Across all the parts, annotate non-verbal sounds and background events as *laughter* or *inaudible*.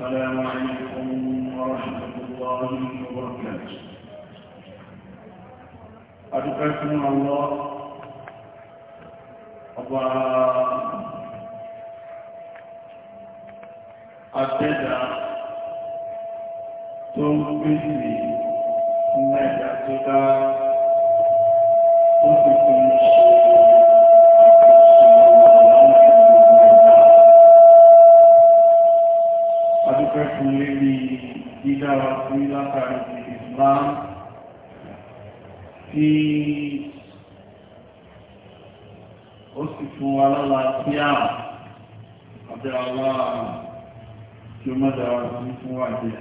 السلام عليكم ورحمة الله وبركاته أدقكم الله أبا أتدى توقفني مدى dára fún látàrí Islam tí ó sì fún wa lálàáfíà àbẹ̀wà tí ó má dára fún fún wa jẹ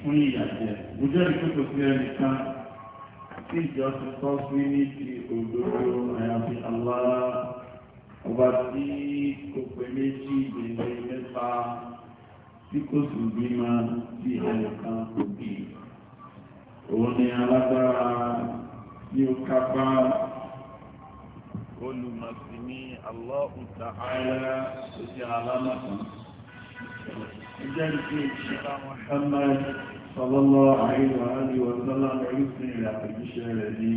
fún ìyàjẹ. Mo jẹ́ ìkókò sí ẹnìkan tí ìjọ ti tọ́ sí ní ti òdòdó àyàfi Allah ọba tí kò pè méjì ìgbèrè mẹ́ta tí kò sì bí máa tí ẹnìkan kò bí òun ni alágbára tí ó kápá olùmọ̀sìnmí Allahu Ta'ala tó jẹ́ alámọ̀sán ẹjẹ́ ìpé ìṣẹ́lá Muhammad sallallahu alaihi wa alihi wa sallam rẹ̀ ní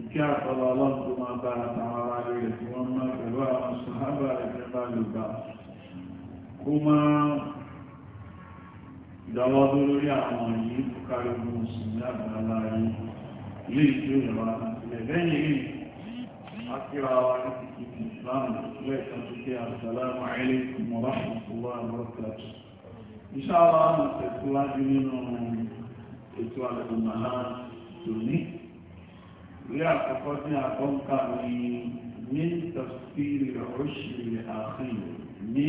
ìkẹ́ àpọ̀lọ̀ ọlọ́pù máa bá àtàwọn ará rẹ̀ tí wọ́n máa pẹ̀lú àwọn sọ̀hábà rẹ̀ nípa Yorùbá kó máa ìdáwọ́ tó lórí àwọn yìí kárí ogun mùsùlùmí àgbàlá yìí ilé ìjọ ìjọba àtàkùnlẹ̀ lẹ́yìn rí akíra wa ní kìkì ìsìláàmù lẹ́ẹ̀kan tó kí àṣàlámù àìlẹ́kùn mọ̀lá ìṣàlá àmọ́kàtù ìṣàlá àmọ́ tẹ̀síwájú nínú ètò àlẹ́gbọ̀nmọ̀lá tòní rí àkọ́kọ́ sí àkọ́ǹkà ní ní tafsiri al-ushr al-akhir ní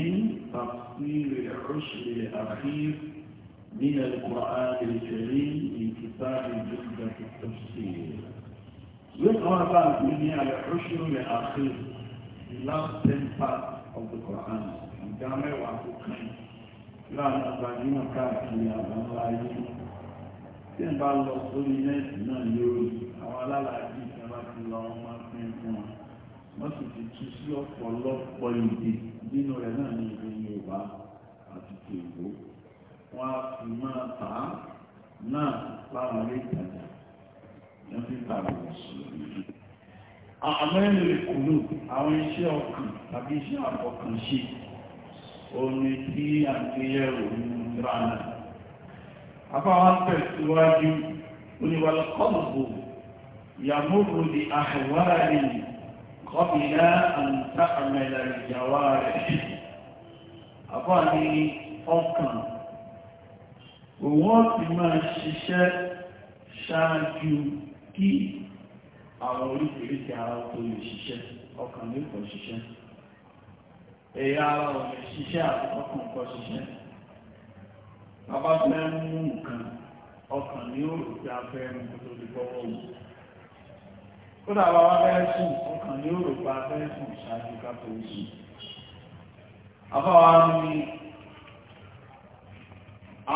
tafsiri al-ushr al-akhir من القرآن الكريم من كتاب جملة التفسير يقرأ بعض مني على عشر الأخير the last ten parts of the Quran ìdámẹ́ wà tó kàn láàrín àgbàjúmọ̀ káàkiri àwọn ayé tí ń bá lọ sórí nẹ́ẹ̀tì náà lórí àwọn alálàájì ìjọba ti lọ wọn máa pín fún wọn wọ́n sì ti tú sí ọ̀pọ̀lọpọ̀ ìdè nínú rẹ̀ náà ní ìlú Yorùbá àti tèbó wọ́n á fi máa tà á náà láwọn ilé ìtajà wọ́n fi tà lọ sí i. àmẹ́rin lè àwọn iṣẹ́ ọkàn tàbí iṣẹ́ àfọkànṣe omi tí a ń gbé nínú tẹ̀síwájú di àmẹ́lẹ̀ ìjàwá rẹ̀. ọkàn òun ti máa ṣiṣẹ́ ṣáájú kí àwọn oríṣiríṣi ara tó lè ṣiṣẹ́ ọkàn lè kọ́ ṣiṣẹ́ ẹ̀yà ara ò lè ṣiṣẹ́ àti ọkàn kọ́ ṣiṣẹ́ bàbá fẹ́ mú nǹkan ọkàn ní òòrùn tí a fẹ́ mú kó tó lè bọ́wọ́ wù kódà bàbá fẹ́ sùn ọkàn ní òòrùn pa sùn ṣáájú ká tó sùn àbáwá ní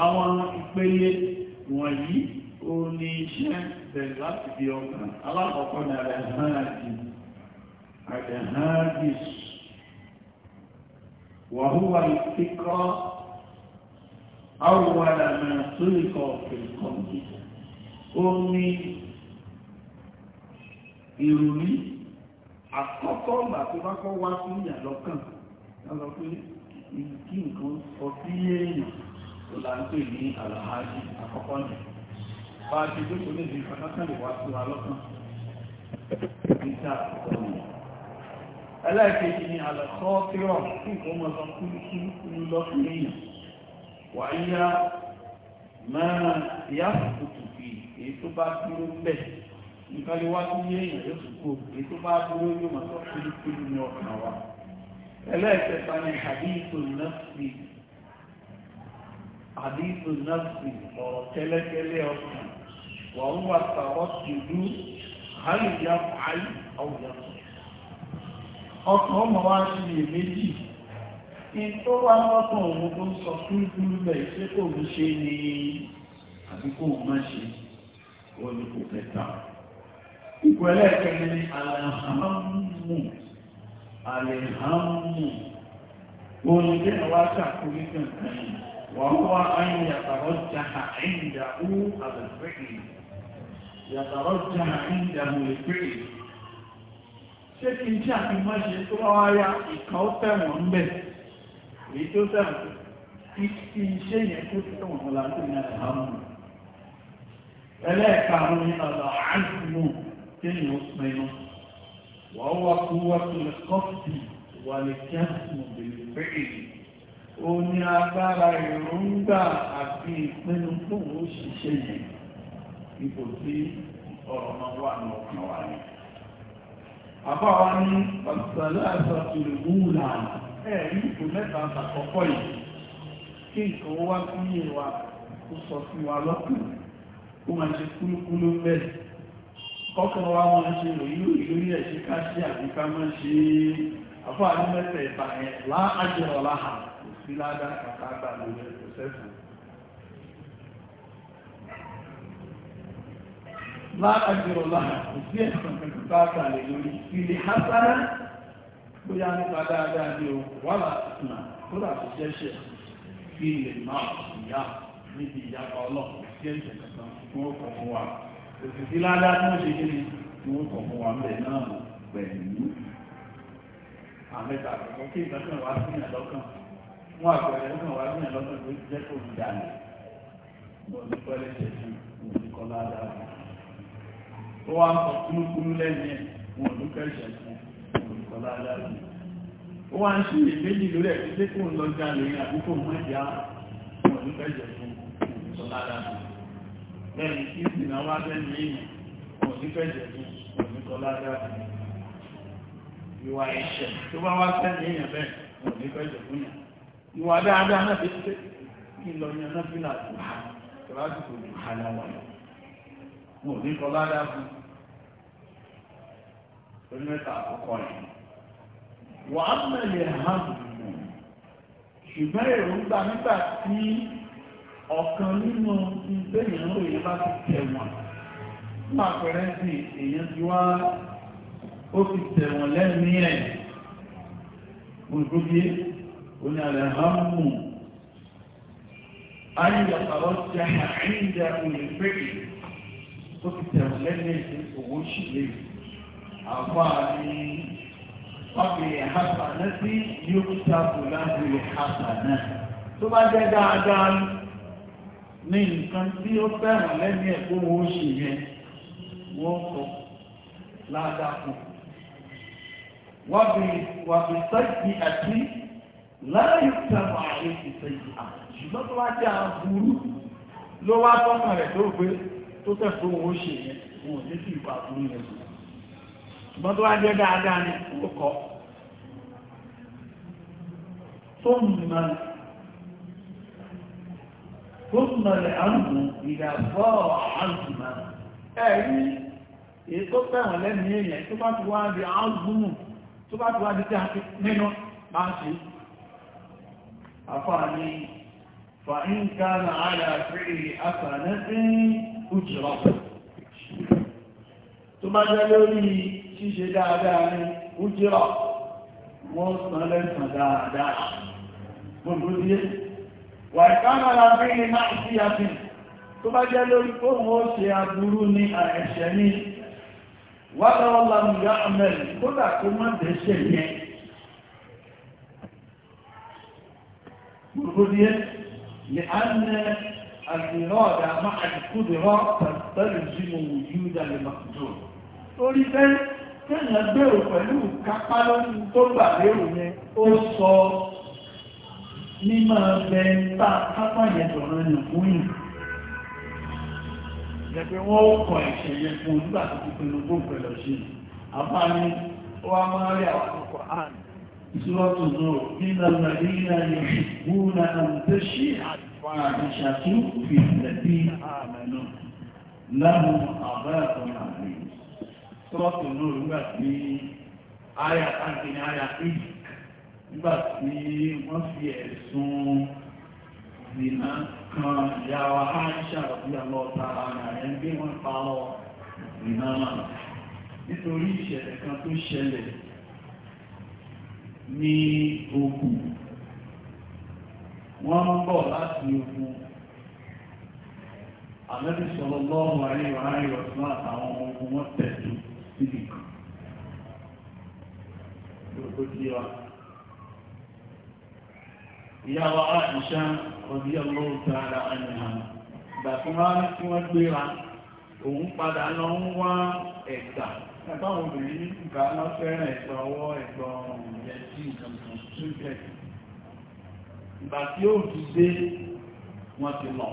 àwọn ìpele wọ̀nyí ó ní iṣẹ́ bẹ̀rẹ̀ láti bí ọkàn alákọ̀ọ́kọ́ ní àdẹ̀háàdì àdẹ̀háàdì wàhúwà tó kọ òkèlùkọ́ ó àkọ́kọ́ ọ̀gbà tó bá kọ́ wá sí ìyàlọ́kàn lọ́pẹ́ kí nǹkan ọ̀bí èèyàn tó la ń pè ní àlàájì àkọ́kọ́ nì bá a ti dúkò lè di ìfọ̀nàkànlè wá sí wa lọ́kàn níta ọ̀nà ẹlẹ́ẹ̀kejì ni àlàkọ́ kírọ̀ tí nǹkan mọ̀ sọ kúlúkúlú lọ́kàn èèyàn wàyíyá máa ìyá kùtù fi èyí tó bá dúró bẹ̀ nǹkan lè wá sí èèyàn yóò tún kó èyí tó bá dúró yóò mọ̀ sọ kúlúkúlú ní ọkàn wa ẹlẹ́ẹ̀kẹta ni àdínkù náà àdínkù náàsì ọ̀rọ̀ kẹ́lẹ́kẹ́lẹ́ ọ̀sán wà ń wà sàrọ̀ tìlú àlùyá àlù àwùjá ọkàn ọmọ wa ṣe lè méjì in tó wá lọ́kàn òun tó ń sọ fún ìlú rẹ̀ ṣé kò ń ṣe ni àbí kò ń má ṣe wọ́n ní kò fẹ́ ta ipò ẹlẹ́ẹ̀kẹ́ni ni alahamu alahamu òun ní àwọn aṣàkóyí kankan yìí وهو أن يترجح عنده هذا الفعل يترجح عنده الفعل شكل شاك ما شكل آية إكوتا ممبت لتوتا في شيء يكتب ولا تنا الهم فلا كانوا من العزم تنو اسمينه وهو قوة للقصد والكسم بالفعل ó ní agbára ìrúngbà àti ìpinnu tó ń yìí ipò tí ọ̀rọ̀ wà ní ọkàn wa ni. àbá wa ní ọ̀sẹ̀lẹ̀ àṣàtò ìwúlà ẹ̀ ní ipò mẹ́ta àtàkọ́kọ́ yìí kí nǹkan wá sí iye wa kó sọ sí wa lọ́kàn kó máa ṣe kúlúkúlú bẹ́ẹ̀ kọ́kọ́ wa máa ṣe ìlórí ká ṣe àbíká sí ládá kàkà gbà lórí ẹ̀kọ́ sẹ́sàn. lára jùlọ lára kò sí ẹ̀sán pẹ̀lú bá gbà lè lórí ilé hására bóyá nípa dáadáa ní o wà látìmá tó dà kò jẹ́ṣẹ̀ kí ilé máa ìyá níbi ìyapa ọlọ́pàá sí ẹ̀sẹ̀ kankan fún ọkọ̀ fún wa òsìsí ládá tí wọ́n ṣe kí ni tí wọ́n fún wa mẹ́rin náà pẹ̀lú àmẹ́ta àkọ́kọ́ kí ìgbàkan wá sí ìyàlọ́kàn wọn àgbẹ̀rẹ̀ lọ́sàn wá ní ẹ̀lọ́sàn tó jẹ́ kó ń dà ní ọdún pẹ́lẹ́ tẹ̀sí òní kọ́ lára ó wá ń sọ kúlúkúlú lẹ́yìn ẹ̀ wọn ọdún kẹ́sẹ̀ fún òní kọ́ lára ó wá ń ṣe ìméjì lórí ẹ̀ pé kó ń lọ já lórí àdúgbò mọ́jà wọn ọdún kẹ́sẹ̀ fún òní kọ́ lára lẹ́yìn tí ìsìnà wá fún òní ìwà dáadáa náà ti pé kí lọ yan náà ha láti wà láti kò jù hálà wà lọ mo ní kọ fún wà á èròǹgbà nígbà tí nínú ìgbé bá ti fún àpẹẹrẹ sí tí wá ó ti قلنا لهم أن يترجح عند الفعل كنت لن يتوش لي أفاني قبل حسنتي يكتب له الحسنة tó bá jẹ́ dáadáa ní nǹkan tí ó fẹ́ràn lẹ́ni ẹ̀kọ́ owó ṣe yẹn wọ́n kọ ládàá fún wàbí wàbí sẹ́ẹ̀kì àti láàyè tẹ̀mọ̀ àyè ti sẹ́yìn à ṣùgbọ́n tó wá jẹ́ àbúrú ló wá tọ́kàn rẹ̀ tó gbé tó tẹ̀ tó wọ́n ṣe yẹn wọn ò ní sí ìpa àbúrú yẹn sùn ṣùgbọ́n tó wá jẹ́ dáadáa ni ó kọ́ tó mọ̀ tó mọ̀ lẹ̀ àrùn ìdàgbọ́ àrùn mọ̀ ẹ̀rí èyí tó tẹ̀wọ̀n lẹ́nu èèyàn tó bá ti wá di àrùn tó bá ti wá di tí a ti nínú máa ń ṣe àfáàní fàínkà náà àyà fèrè àfààní ojúra tó bá jẹ́ lórí ṣíṣe dáadáa ní ojúra wọ́n sàn lẹ́sàn dáadáa gbogbo díẹ̀ wà ìkánà lábẹ́lẹ̀ máa sí àfihàn tó bá jẹ́ lórí fóhùn ó ṣe àbúrú ní àẹ̀ṣẹ̀ ní wádọ́wọ́lá mìíràn mẹ́rin kódà kó má dẹ́ṣẹ̀ yẹn بالرؤية لأن الإرادة مع القدرة تستلزم وجود المقدور torí pé kéèyàn gbèrò pẹ̀lú kápá lórí tó gbà lérò yẹn ó sọ mímọ̀ ọ̀bẹ tá kápá yẹn dọ̀rọ̀ yẹn fún yìí jẹ́pẹ́ wọ́n ó kọ ẹ̀ṣẹ̀ yẹn fún nígbà tó ti pinnu gbóǹpẹ̀ lọ sí àbá ni ó wá máa rí àwọn ọkọ̀ àná سورة النور إن الذين يحبون أن تشيع الفاحشة في الذين آمنوا لهم عذاب عليم سورة النور nígbà tí àyà táǹkì ní àyà ìjì nígbà tí wọ́n fi ẹ̀sùn ìdìnà kan ìyàwó àìṣà àti àlọ́ta ara ẹ̀ ń gbé wọn pa lọ ìdìnà náà nítorí ìṣẹ̀lẹ̀ kan tó ṣẹlẹ̀ ní okù wọ́n ń bọ̀ láti okù àmẹ́bí sọ̀rọ̀ lọ́wọ́ àríwá àríwá tí wọ́n àtàwọn ọmọ ogun wọ́n tẹ̀lú síbì kan tí wa ìyàwó ọdí ọlọ́wọ́ tààrà àyàn ìgbà tí wọ́n á ní wọ́n gbéra òun Àbáwọn obìnrin ìgbà náà fẹ́ràn ẹ̀gbọ́n ọwọ́ ẹ̀gbọ́n ọ̀rùn yẹn sí nǹkan kan tó jẹ́. Ìgbà tí ó fi dé wọ́n ti lọ.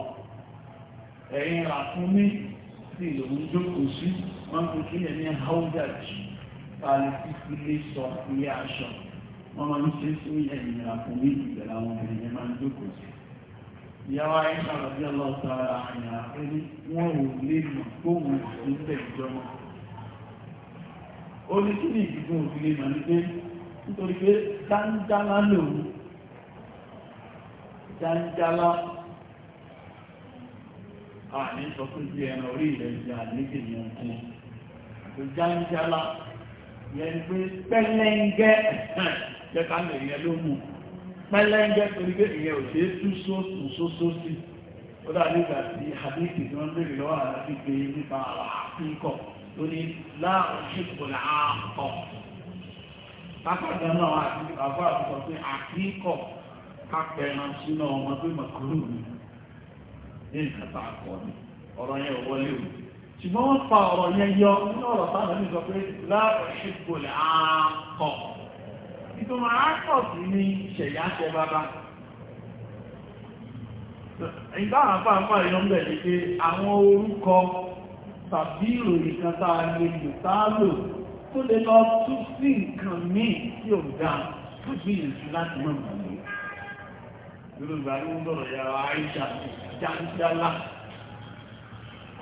Ẹ̀yìn ràkúnmí sí ìlòun jókòó sí, wọ́n fi kí ẹni Haúdàjì tààlì títí lé sọ ilé aṣọ. Wọ́n máa ń ṣe sí ẹ̀yìn ràkúnmí ìgbẹ̀lá àwọn obìnrin yẹn ń jókòó sí ìyàwó àìsàn àti ọlọ́ọ̀tà àyà ẹni wọ́n ò lè mọ̀ tó wù sí ilẹ̀ ìjọba ó ní kí ní ìgbìgbò òfin lè mà ní pé nítorí pé dáńdálá lòun dáńdálá àní sọ fún bí ẹran orí ilẹ̀ ìjà nígbè ní ọkùn tó dáńdálá yẹn pé pẹ́lẹ́ngẹ́ *laughs* jẹ́ká lè yẹ ló mú pẹ́lẹ́ngẹ́ torí pé ìyẹn ò ṣeé tú sóòsù sóòsì ó dà nígbà tí àdéhìí tí wọ́n bèèrè lọ́wọ́ àdéhìí nípa àlàáfíì kọ̀ọ̀ ó ní láàrúṣìkòlà àkọ́ pápákan náà àti bàbá àtúntò pé àkíkọ̀ kápẹ́ran sínú ọmọ pé màkúrú mi ní nǹkan tá a kọ́ ni ọ̀rọ̀ yẹn ò wọlé o ṣùgbọ́n wọ́n fa ọ̀rọ̀ yẹn yọ nínú ọ̀rọ̀ táwọn ẹni sọ pé láàrúṣìkòlà àkọ́ ìtumọ̀ àkọ́ sí ní ìṣẹ̀yà ṣẹ bàbá ìgbà àwọn afáfá ìyọ́nbẹ̀ ni pé àwọn orúkọ tàbí ìròyìn kan tá a lè lò tó lè lọ tú sí nǹkan míì tí ò dá fún gbìyànjú láti mọ̀ mọ̀ olùgbà ní ọ̀rọ̀ yàrá àìsà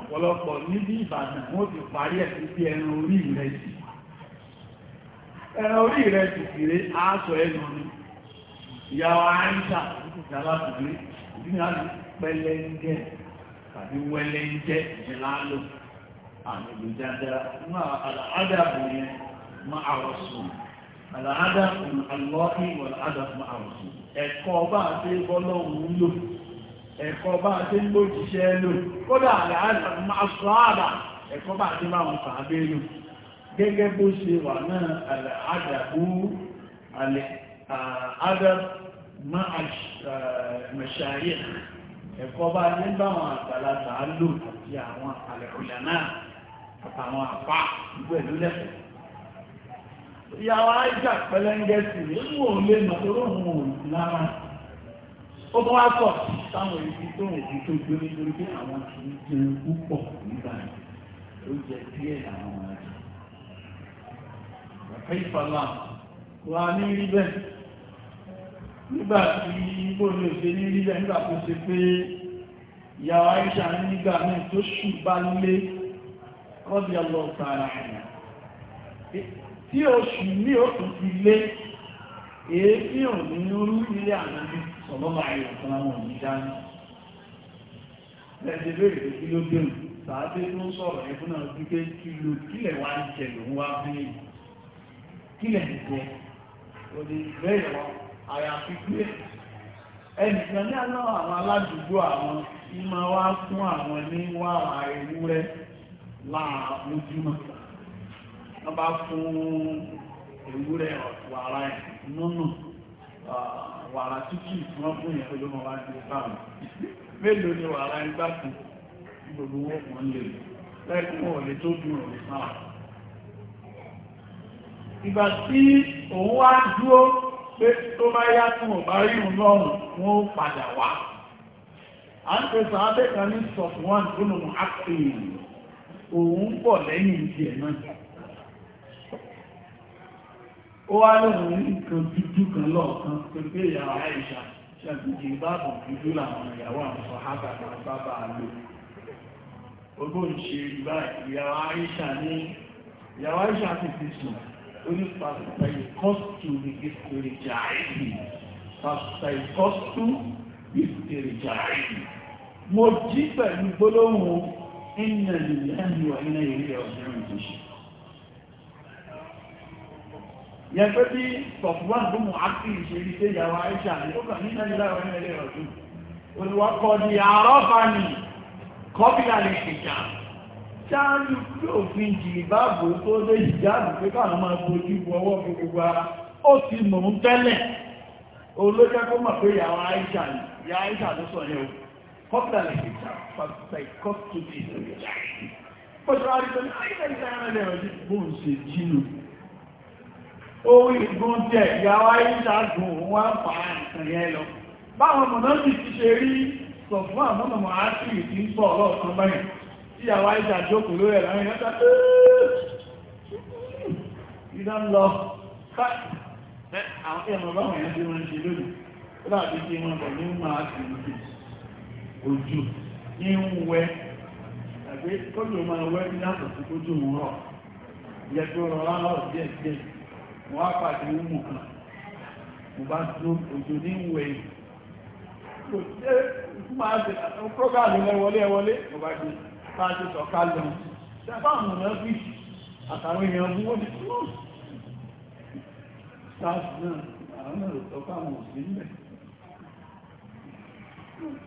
ọ̀pọ̀lọpọ̀ níbi ìbàdàn wọ́n ti parí ẹ̀ sí bí ẹran orí rẹ̀ ni ìyàwó ìdí tàbí wẹlẹńjẹ ìjẹlá lò àmì ìlú dáadáa máa àlàádàbò yẹn máa àwọ̀sùn àlàádàbò àlọ́ọ̀kì wọ̀n àdàbò àwọ̀sùn ẹ̀kọ́ bá a ṣe bọ́lọ́hùn lò ẹ̀kọ́ bá a ṣe ń lójíṣẹ́ lò kódà àlàádàbò máa sọ àbà ẹ̀kọ́ bá a ṣe máa ń fàábé lò gẹ́gẹ́ bó ṣe wà náà àlàádàbò àdàbò máa mẹ̀ṣàyẹ̀ ẹ̀kọ́ bá a ṣe ń bá àwọn àgbàlagbà lò àti àwọn àlẹ̀ àtàwọn àpá gbogbo ẹ̀lú lẹ́kọ̀ọ́ ìyàwó àìjà pẹ̀lẹ́ńgẹ́ sí ní mú òun lè nà tó rọrùn òun lára ó tó wá sọ táwọn ibi tó ń fi tó gbé nítorí pé àwọn kì í jẹ púpọ̀ nígbà yìí ó jẹ díẹ̀ làwọn àjẹ ọ̀fẹ́ ìfàlà wà ní rí bẹ́ẹ̀ nígbà tí igbó ní òṣè ní rí bẹ́ẹ̀ nígbà tó ṣe pé ìyàwó àìjà nígbà náà tó ṣù bá rọ́bì ọlọ́ọ̀ta ara ẹ̀yà tí oṣù ní oṣù ti lé èéfín òní rú ilé ànábì sọ̀lọ́mà ayọ̀tọ́lá wọn ní dání lẹ́jẹ̀ lórí kí ló dé sàádé tó ń sọ̀rọ̀ ẹ̀fún náà wípé kí ló kílẹ̀ wá ń jẹ lòun wá bí kílẹ̀ ń jẹ bẹ́ẹ̀ àyàfi pé ní àwọn aládùúgbò àwọn ìmọ̀ wá fún àwọn ní wàrà ewúrẹ́ láà lójúmọ̀ wọ́n bá fún ewúrẹ́ wàrà ẹ̀ nínú wàrà tútù wọ́n fún ìyẹn olómọ wá ní ìpàwọn mélòó ni wàrà ẹgbà kan gbogbo wọn wọ́n lè lẹ́kùn ọ̀lẹ́ tó dùn ọ̀lẹ́ sáà ìgbà tí òun wá dúró pé tó bá yá fún ọ̀bá rí òun lọ́rùn wọ́n padà wá a ń pèsè abẹ́kan ní sọ̀fún wọn gbónú òun pọ̀ lẹ́yìn ìdí ẹ̀ náà ó wá lóhun nǹkan dúdú kan lọ́ọ̀kan tó gbé ìyàwó àìṣà ṣàtúnjì báàbò dúdú làwọn ìyàwó àwọn sọ̀hábà bàbá lò ogó ń ṣe ìgbà ìyàwó àìṣà ní ìyàwó àìṣà ti fi sùn ó ní pàṣẹ ìkọ́sù ìgbésèrè jàáìdì pàṣẹ ìkọ́sù ìgbésèrè jàáìdì mo jí pẹ̀lú gbólóhùn inna lillahi wa inna ilayhi raji'un tó ṣe yẹn pé bí sọ̀fúwà tó mú àti ìṣèlú tẹ́ ìyàwó àìṣà ní ó kà ní inna lillahi wa inna ilayhi raji'un olùwọ́kọ̀ ni àrọ́fà ni kọ́bílà lè ṣèjà ṣáájú tí òfin jìlìbáàbò tó dé ìjáàbò pé káàmù máa fojú bu ọwọ́ fi gbogbo ara ó ti mọ̀ ń tẹ́lẹ̀ olójẹ́ kó mọ̀ pé ìyàwó àìṣà ni ìyà àìṣà ló sọ yẹn o قبل الحجاب فاستيقظت في فشعرت أن أين كان يجبون سجين Owó ìgbón jẹ́ ìyàwó ìṣàgùn wọ́n pa nǹkan yẹn lọ. Báwọn mọ̀nàbí ti ṣe rí sọ fún àmọ́nà mọ̀ á sí ìdí ń sọ ọlọ́ọ̀kan báyìí tí ìyàwó ìṣàjókòó lórí ẹ̀rọ ìyàtà tó ìdá ń lọ káàkiri àwọn ẹ̀mọ̀ báwọn ẹ̀yàn tí wọ́n ń ṣe lónìí. Ó dàbí kí wọ́n bọ̀ ní máa sì ń ojú ń wẹ tàbí kójú máa wẹ ní àtọ̀sí kójú ń rọ̀ yẹ tó rọra rọ̀ díẹ̀ díẹ̀ wọ́n á pàdé mú kan mo bá dúró ojú ní ń wẹ kò jẹ́ máa ṣe prógáàmù ẹwọlé ẹwọlé mo bá dé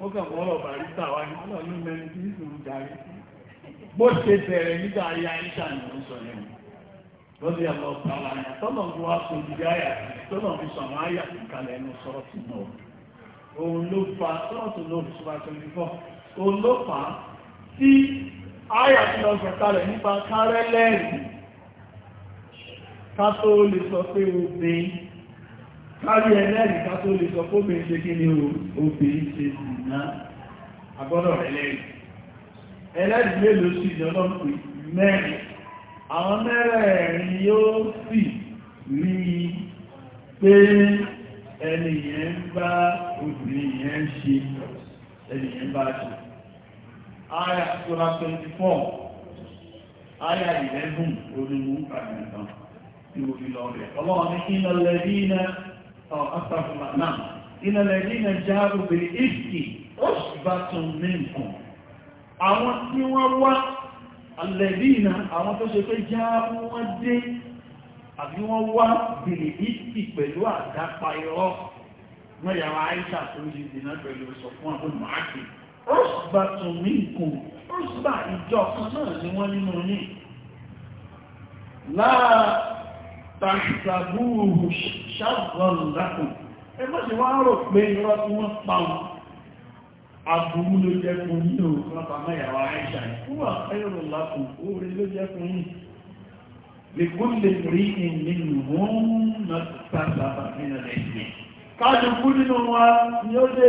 wọ́n kàn mọ́ ọ̀rọ̀ bàrí tà wá ní ọlọ́run ní mẹ́rin tí ìṣòro darí bó ṣe bẹ̀rẹ̀ nígbà ayé àyíṣà ni ó sọ yẹn lọ́dí àwọn ọ̀pá àlàyé tọ́nà ń wá fún ìdí àyà tọ́nà fi sọ̀rọ̀ àyà kalẹ̀ ẹnu sọ̀rọ̀ tì náà òun ló fa tọ́ọ̀tù ló fi ṣùgbọ́n twenty four òun ló fà tí àyà tí lọ sọ kalẹ̀ nípa kárẹ́lẹ́rì ká tó lè sọ pé obìnrin kárí ẹlẹ́rìí ká tó lè sọ fóbi ṣe kí ni obìnrin ṣe ìná agbọ́dọ̀ ẹlẹ́rìí ẹlẹ́rìí mélòó sí ìjọlọ́pù mẹ́rin àwọn mẹ́rẹ̀ẹ̀rin yóò sì rí pé ẹni yẹn bá obìnrin yẹn ṣe ẹni yẹn bá ṣe aya sura 24 aya 11 olùmú àgbẹ̀kan tí mo fi lọ rẹ̀ ọlọ́run ní kí lọ lẹ́bí náà ọ̀pọ̀lọpọ̀ náà ìlẹ̀lẹ̀ ní nàìjíríà obìnrin ìfì bá tún mẹ́ǹkan àwọn tí wọ́n wá alẹ́bìnà àwọn tó ṣe pé já wọ́n dé àbí wọ́n wá bìrì ìfì pẹ̀lú àdápa irọ́ wọ́n yàrá àìsà tó ṣe dìnà pẹ̀lú sọ fún àwọn màákì ọ̀sùgbà tún mẹ́ǹkan ọ̀sùgbà ìjọ kan náà ni wọ́n nínú ní láàá tàṣàbúrù ṣàgbọ̀nlákùn ẹ mọ́ sí wọ́n rò pé irọ́ tí wọ́n pàun àbúrú ló jẹ́ fún yíò lápàmọ́ ìyàwó àìṣà ìfúwà ẹ̀rọ lákùn orí ló jẹ́ fún yí lèkún lè rí ìnìyàn wọ́n na tàṣàbà nínú ẹ̀sìn kájùkú nínú wa ni ó lè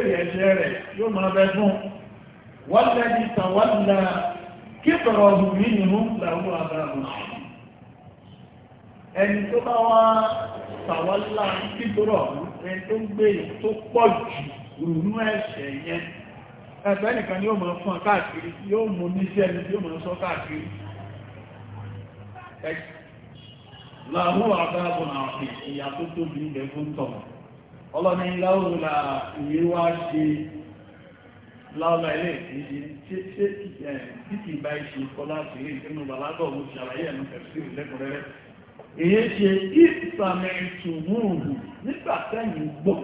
ẹni tó bá wá tàwálà kíkúrọ̀ ẹni tó ń gbé tó pọ̀ jù nínú ẹ̀ṣẹ̀ yẹn ẹgbẹ́ nìkan ni ó mọ̀ fún káàkiri yóò mú níṣẹ́ ni yóò mọ̀ sọ káàkiri láhùn àbábọ̀ àti ìyà tó tóbi ilẹ̀ fún tọ̀ ọlọ́ni láhùnlá ìyíwá ṣe láhùnlá ilé ìṣẹ́ tí kìí bá ìṣe kọ́ láti ilé ìṣẹ́nu bàlágọ̀ mo ṣàlàyé ẹ̀nu pẹ̀lú lẹ́kùnrẹ́rẹ́ èyí ṣe ìsàmì ìtùmúùmù nígbà tẹ́yìn gbọ́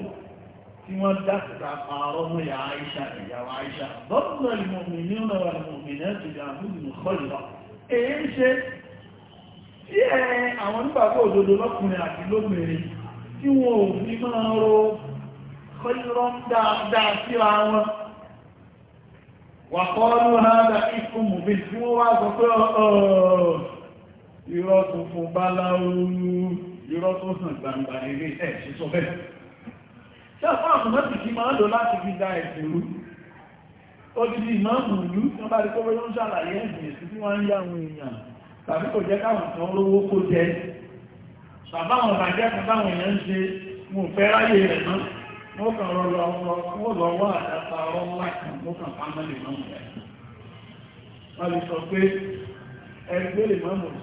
tí wọ́n dákìtà àárọ̀ mú ya Aisha ìyàwó Aisha bọ́ọ̀nà ìmọ̀mì ní ọ̀rọ̀ ìmọ̀mì náà ti dà búrú kọlọ̀ èyí ṣe tí ẹ àwọn nígbàgbọ́ òdodo lọ́kùnrin àti lóbìnrin tí wọn ò fi máa ro kọlọ̀ dáadáa síra wọn wà kọ́ ló hàn dá ikú mùbí tí wọ́n wá sọ pé irọ́ funfun bá láúrú irọ́ tó hàn gbangba eré ẹ̀ ṣe sọ bẹ́ẹ̀ ṣàfún àkùnmọ́sì kí máa lò láti fi dá ẹ̀sìn rú ó ti di ìmáàmù ìlú tí wọ́n bá rí kọ́wé ló ń ṣàlàyé ẹ̀sìn èsì tí wọ́n ń yá àwọn èèyàn tàbí kò jẹ́ káwọn kan lówó kó jẹ ṣàbáwọn bàjẹ́ kan táwọn èèyàn ń ṣe mo fẹ́ ráyè rẹ̀ náà wọ́n kàn rọ lọ wọ́n lọ wá àdáta ọlọ́wọ́ láti mú kàn pàmọ́lì náà rẹ̀ wọ́n lè sọ pé ẹgbẹ́ lè máa láti yọ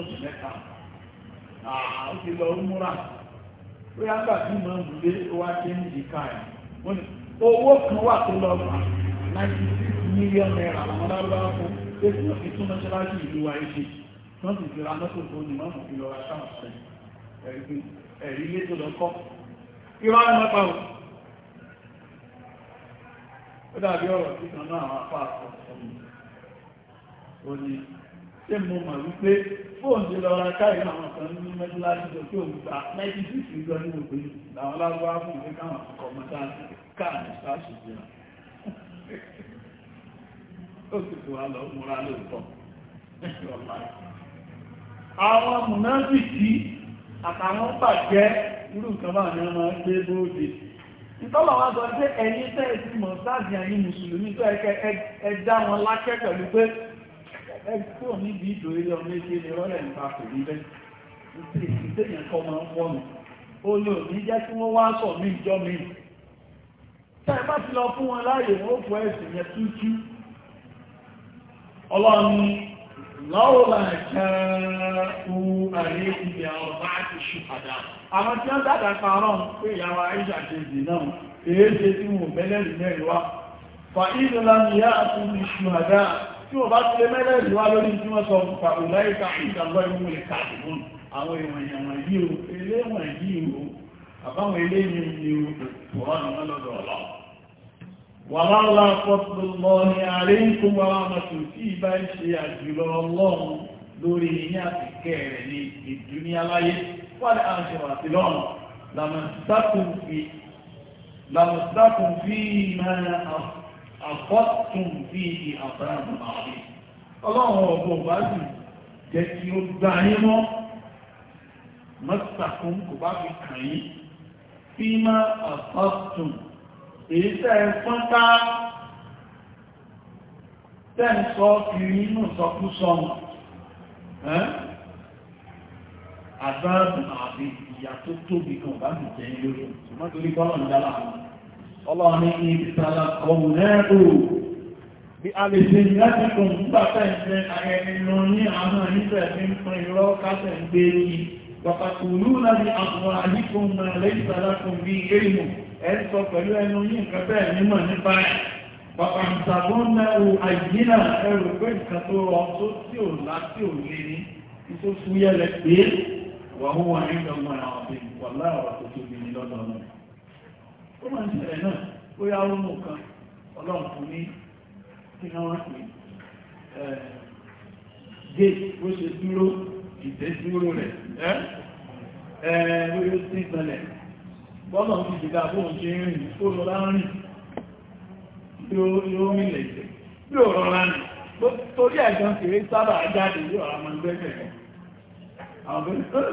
ọ̀sẹ̀ mẹ́ta ti lọ múra ó yá lé wá di ẹ̀ wọ́n ní owó kan wà tó lọ million naira àwọn lárúbáwá fún pé kí wọ́n fi tún ìlú wa ṣe wọ́n sì fi ra mọ́tò tó ní mọ́mù fi lọ sáwọn ọ̀sẹ̀ ẹ̀rí ilé tó lọ kọ́ irọ́ o ó dàbí ọ̀rọ̀ náà àwọn tí mo mọ̀ wípé fóònù ti lọ́ra káyìí àwọn kan ní mẹ́tílá ìjọ tí ó gba 96 ìjọ ní òpin làwọn lágbá fún ìwé káwọn akọ̀ mọ́ta káàdì sáàṣì jẹ́ ó sì tó wá lọ múra lóòótọ́ àwọn mùnáfìkì àtàwọn bàjẹ́ irú nǹkan bá ní ọmọ gbé bóde ìtọ́lọ̀ wá sọ pé ẹ̀yin tẹ́ẹ̀sì mọ̀ sáàdì àyí mùsùlùmí tó ẹ̀kẹ́ ẹja wọn lákẹ́ pẹ̀lú pé ẹgbẹ́ òní bí ìdò ilé ọmọ ẹgbẹ́ ni rọ́lẹ̀ nípa kò rí bẹ́ ìtẹ́yìn kọ́ máa ń wọ́nù ó lè òní jẹ́ kí wọ́n wá sọ mí ìjọ mi tẹ́ bá ti lọ fún wọn láàyè wọ́n fọ ẹ̀sìn yẹn tútú ọlọ́run lọ́wọ́lá ẹ̀kẹ́rù àrí ìgbẹ̀ ọ̀bá ti ṣùpàdà àwọn tí ó dàdà parọ́ pé ìyàwó àìṣàkejì náà èé ṣe tí wọ́n bẹ́lẹ̀ rí mẹ́rin wá fa ìlú lámìyà àti ìṣùhàdá tí wọ́n bá ti lè mẹ́rẹ̀ ìlú wá lórí tí wọ́n sọ pàpù láìka ìjàgbọ́ ìwọ̀n lè káàkiri fún àwọn ìwọ̀nyàn wọ̀nyí o eléwọ̀n yìí o àbáwọn eléyìn ni o wọ́n àfọ́tún bí i àbáyàn àrí ọlọ́run ọgbọ̀n bá sì jẹ́ kí ó gbá yín mọ́ mọ́sàkún kò bá fi kàn yín bí má àfọ́tún èyí tẹ́ ẹ fọ́n tẹ́ ń sọ kiri inú sọkúsọ àbáyàn àrí ìyà tó tóbi kan bá sì jẹ́ lórí ṣùgbọ́n torí kọ́lọ̀ ń dá láàrín ọlọ́run ní ìtàlà ọ̀wùnẹ́rù bí a lè ṣe láti kùn nígbà tẹ́ǹtẹ́ ayẹninu ní àwọn ìfẹ́ ní fún irọ́ kásẹ̀ ń gbé ní pàpàkùlú láti àwọn àyíkùn náà lẹ́yìn tàlákùn bí èèmù ẹ̀ sọ pẹ̀lú ẹnu ní nǹkan bẹ́ẹ̀ nímọ̀ nípa ẹ̀ pàpàǹtàbọ́n náà àyínà ẹrù pé nǹkan tó tí ò láti ò lè ní tó fúyẹ́lẹ̀ pé wàhúwà nígbàgbọ́n wà láàrọ̀ tó tóbi ní lọ́dọ̀ náà ó mọ̀ ìṣẹ̀lẹ̀ náà ó yá ó mú kan ọlọ́run fún ní kí náà wọ́n pè gate bó ṣe dúró ìtẹ́dúró rẹ̀ ẹ̀ẹ́ lórí sí ìtànlẹ̀ bọ́nà ti jìdá fóun ṣe ń rìn ó lọ láàrin yóò mílẹ̀ ìtẹ̀ bí ò rọra nì torí àìsàn kèrè sábà jáde yóò ara máa gbẹ́gbẹ̀ àwọn bẹ́ẹ̀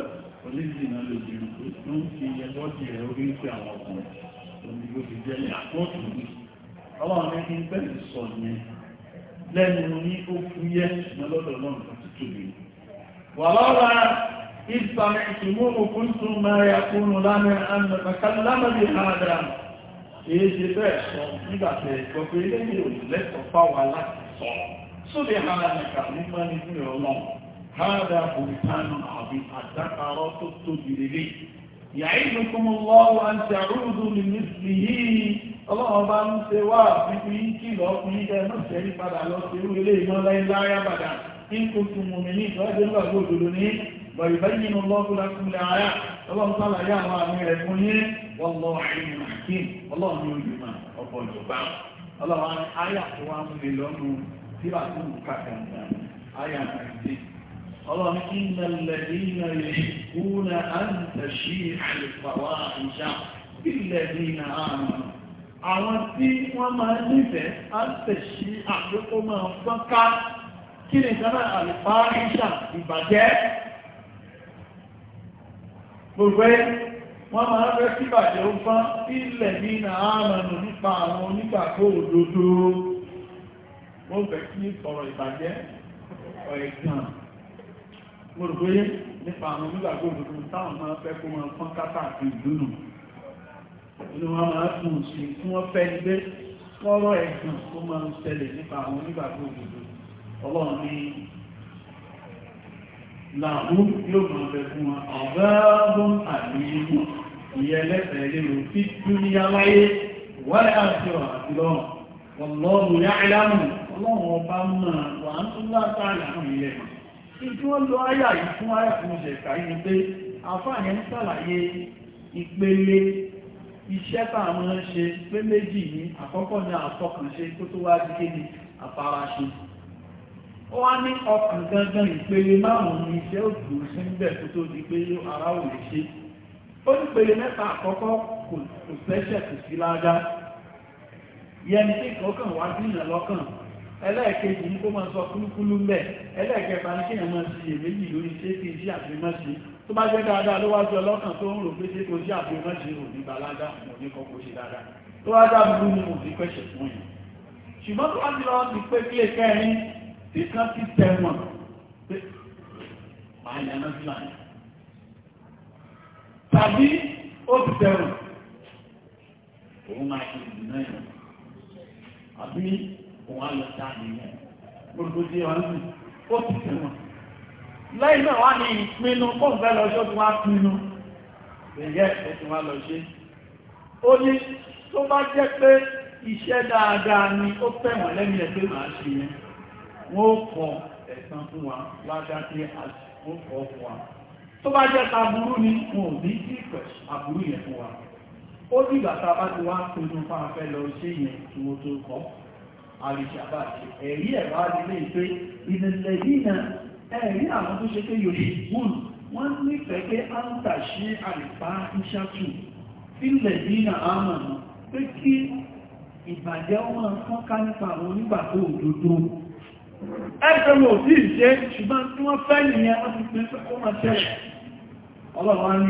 mùsùlùmí ló ti jẹ́ ní àkóòtù ní ọlọ́run ní kí n bẹ́ẹ̀ sọ yẹn lẹ́nu ní ó fúyẹ́ ṣùgbọ́n lọ́dọ̀ náà nǹkan tó tóbi wà lọ́la ìsàmì ìtùmú òkun tó máa ya kúrò lánàá àmì kankan lámàbí àdá èyí ṣe bẹ́ẹ̀ sọ nígbà tẹ̀ ẹ̀kọ́ pé lẹ́yìn òjò lẹ́kọ̀ọ́ fáwa láti sọ sóde ara nìkan nípa nípìnlẹ̀ ọlọ́run hádà bùrìtánù àbí àdáparọ́ tó tóbi lélẹ́yìn يعيدكم الله أن تعودوا لمثله الله بان سوا في كيلو في ده مسيري بدا لو سيرو ما لا إلا بدا إن كنتم مؤمنين فهذا الله يقولني ويبين الله لكم الآيات الله تعالى يا أمير المؤمنين والله عليم حكيم الله يوجب أقول جبان الله عن آيات وامن لونه سيرة كاكا آيات عزيز ọlọ́run إن الذين يحبون أن àǹtẹ̀ṣí àlùfàwáhìṣà bílẹ̀ ní iná àmà àwọn tí wọ́n máa nífẹ̀ẹ́ àǹtẹ̀ṣí àkókò máa fọ́nká kí ni sára àlùfàwáhìṣà ìbàjẹ́ gbogbo wọ́n máa fẹ́ kí bàjẹ́ ó fán ilẹ̀ ní iná nípa àwọn onígbàgbọ́ òdodo wọ́n fẹ́ kí ọ̀rọ̀ ìbàjẹ́ ọ̀ẹ̀gàn mo rò pé nípa àwọn onígbàgbọ́ òdodo táwọn máa fẹ́ kó máa fọ́n káàkiri ìdúnnù inú wọn máa tún ṣe tí wọ́n fẹ́ gbé lọ́rọ̀ ẹ̀gbọ̀n tó máa ń ṣẹlẹ̀ nípa àwọn onígbàgbọ́ òdodo ọlọ́run ní làwọn yóò máa bẹ fún wọn ọ̀gáàbọ̀n àdéhùn ìyẹn lẹ́sẹ̀ẹ́ lérò fi dúníyà láyé wọ́lẹ̀ àti ọ̀hàtí lọ́wọ́ ọlọ́run yá ìlànà ọlọ́run ọba mọ̀ wà ń tún látàrí àwọn ilẹ̀ mọ̀ ìjú wọ́n lọ ayà yìí fún ayàkùnrin ṣẹ̀kà yìí pé àfáàyẹ ń sàlàyé ìpele iṣẹ́ tààmù ń ṣe pé méjì ní àkọ́kọ́ ní àtọkànṣe tó tó wá di kéde àfaraṣe ó wá ní ọkàn gangan ìpele márùn-ún ní iṣẹ́ òkú sí ń bẹ̀ tó tó di pé ara ò lè ṣe ó ní pele mẹ́ta àkọ́kọ́ kò sẹ́ṣẹ̀ kò sí lágá yẹni tí kọ́kàn wá dínà lọ́kàn ẹlẹ́ẹ̀kejì ní kó máa sọ kúlúkúlú mẹ́ ẹlẹ́ẹ̀kẹfà ní kíyàn máa sí èméjì lórí ṣé kí sí àfimọ́sí tó bá jẹ́ dáadáa ló wájú ọlọ́kàn tó ń rò pé ṣé kò sí àfimọ́sí rò ní balága mọ̀ ní kọ́kọ́ ṣe dáadáa tó wá dábùrú ní mò ní pẹ̀ṣẹ̀ fún yìí ṣùgbọ́n tó wá ti lọ ti pé kílé kẹrin tí kan ti tẹ̀wọ̀n pé máa yànnà sílẹ̀ tàbí ó ti tẹ̀wọ̀n òun máa ṣe ìdùnnà yẹn àbí kò wọ́n lọ sí àdéhùn gbogbo tí wọ́n lù ó ti tẹ̀ wọ́n. lẹ́yìn náà wá ní ìpinnu kó ń fẹ́ lọ ṣó tí wọ́n á pinnu ẹ̀yẹ́ ó ti wá lọ ṣe. ó ní tó bá jẹ́ pé iṣẹ́ dáadáa ni ó fẹ́ wọ́n lẹ́nu ẹ̀ pé màá ṣe yẹn wọ́n ó kọ ẹ̀san fún wa ládá sí àsìkò kọ̀ fún wa. tó bá jẹ́ taburú ni wọn ò ní sí ìpẹ̀ àbúrú yẹn fún wa ó dìgbà tá a bá ti wá pinnu fún afẹ́ lọ ṣe yẹn kí wọ́n tó kọ́ àrìṣàbà ẹ̀rí ẹ̀rọ adilé ìpé ìnìlẹ̀dínà ẹ̀rí àwọn tó ṣe pé yòṣùgbùn wọ́n nífẹ̀ẹ́ pé a ń tà sí àrìfà ìṣàtù ìlẹ̀dínà àmàmà pé kí ìbàjẹ́ wọn fọ́nká nípa àwọn onígbàgbọ́ òdodo ẹgbẹ́ wọn ò sí ìṣe ṣùgbọ́n tí wọ́n fẹ́ nìyẹn wọ́n ti pín fẹ́ kó máa tẹ́lẹ̀ ọlọ́wọ́n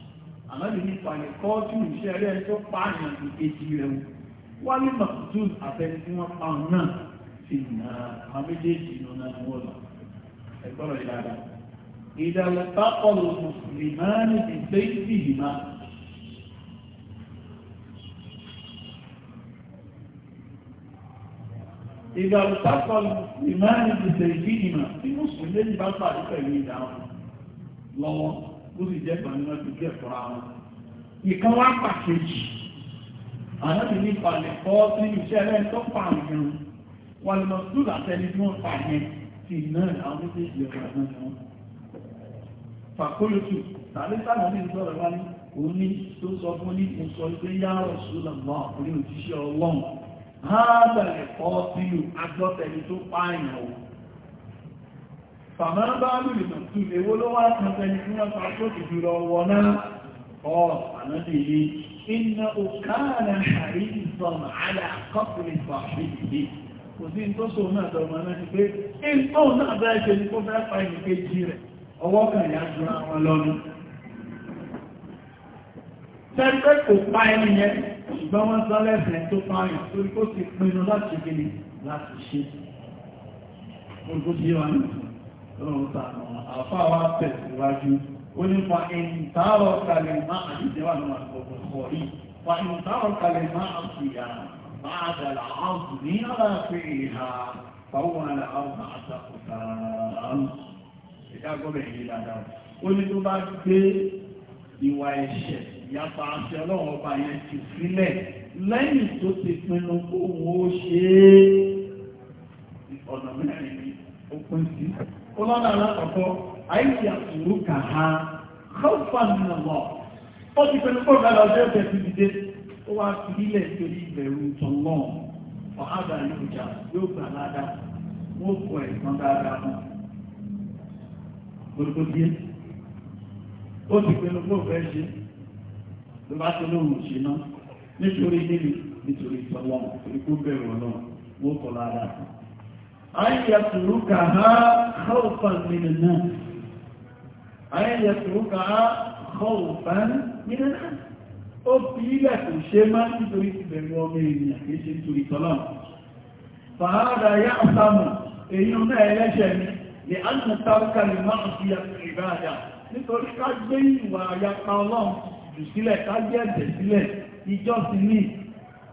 àmọ́lù ní pàlẹ̀ kọ́ọ̀tù ìṣẹ́ rẹ̀ tó pààyàn ìkejì rẹ̀ wọ́n ní mọ̀tún àfẹ́ni tí wọ́n pa òun náà fi nà àwọn méjèèjì lọ́nà wọ́n lọ ẹgbọ́rọ̀ ìdára ìdàlẹ̀ pápọ̀lù mùsùlùmí ìgbé ìgbìmá ìdàlẹ̀ pápọ̀lù mùsùlùmí ìgbé ìgbìmá tí mùsùlùmí bá pàdé pẹ̀lú ìdáhùn lọ́wọ́ ó sì jẹ́ ìgbàlúwà tó bí ẹ̀kọ́ ara wọn. ìkan wá pàkejì àdájú ní ìpàlẹ̀ kọ́ sí iṣẹ́ ẹlẹ́ni tó pa àrùn wọn lọ sùn àtẹni tí wọ́n pa yẹn ti náà àwọn méjèèjì ẹ̀kọ́ àgbọn ni wọ́n. fàkólótù tàbí sábà ní ìsọ̀rọ̀ wá ní òní tó sọ fún ní mo sọ pé yàrá sùlọ̀ mọ́ àkúrí òjíṣẹ́ ọlọ́run. háàbẹ̀rẹ̀ kọ́ sí agbọ́tẹni tó pààyàn Fàmá bá lùlù tù lèwó ló wá kan tẹni fún wọn pa tó ti jùlọ wọ náà. Ọ ànábì yìí, iná òkààlà àrí ìsọ̀nà àlà kọ́kùnrin fàfí yìí. Kò sí tó so náà dọ̀mọ̀ náà ti pé, ìtò náà bẹ́ẹ̀ ṣe ni kó fẹ́ pa ìrìnkéjì rẹ̀, ọwọ́ kan yá ju àwọn lọ́nu ọlọ́run sànà àfa wa tẹ̀síwájú ó ní fa ìntàrọ̀ kalẹ̀ máa àdíjẹ́ wà nínú àgbọ̀gbọ̀ sọ yìí fa ìntàrọ̀ kalẹ̀ máa àfìyà máa dàlà áwùjù ní aláàfin ìhà fáwọn aláàwọ̀ lẹ́yìn tó ti pinnu ohun ó ṣe é ọ̀nà mẹ́rin ó pín sí i ọlọ́nà alákọ̀ọ́kọ́ àìsí àtúrú kà á kọ́fà nínú ti pẹ̀lú pọ̀ gbára ọjọ́ ẹ̀fẹ́ ti dìde ó wá fi ilẹ̀ torí ìbẹ̀rù tọ̀lọ́ ọ̀hádà ìlújà yóò gbà ládàá wọ́n kọ ẹ̀sán dáadáa mọ́ gbogbo díẹ̀ ó ti pẹ̀lú pọ̀ fẹ́ ṣe ló bá tó lóhùn ṣe náà nítorí níbi nítorí tọ̀lọ́ ìkó bẹ̀rù wọ́n kọ ládàá ayẹ̀tùrúkà ha kọ́ọ̀fàn nínú náà ayẹ̀tùrúkà ha kọ́ọ̀fàn nínú náà ó fi ilẹ̀ kò ṣe máa nítorí ti bẹ̀rẹ̀ ọmọ ènìyàn kìí ṣe nítorí tọ́lá fàádà yá àtàmù èyí ọ̀nà ẹlẹ́ṣẹ̀ ni ni a ń tàbíkà lè máa fi àtìrì ìbáadà nítorí ká gbé ìwà àyàpá ọlọ́run jù sílẹ̀ ká gbé ẹ̀jẹ̀ sílẹ̀ ìjọ́sìn ní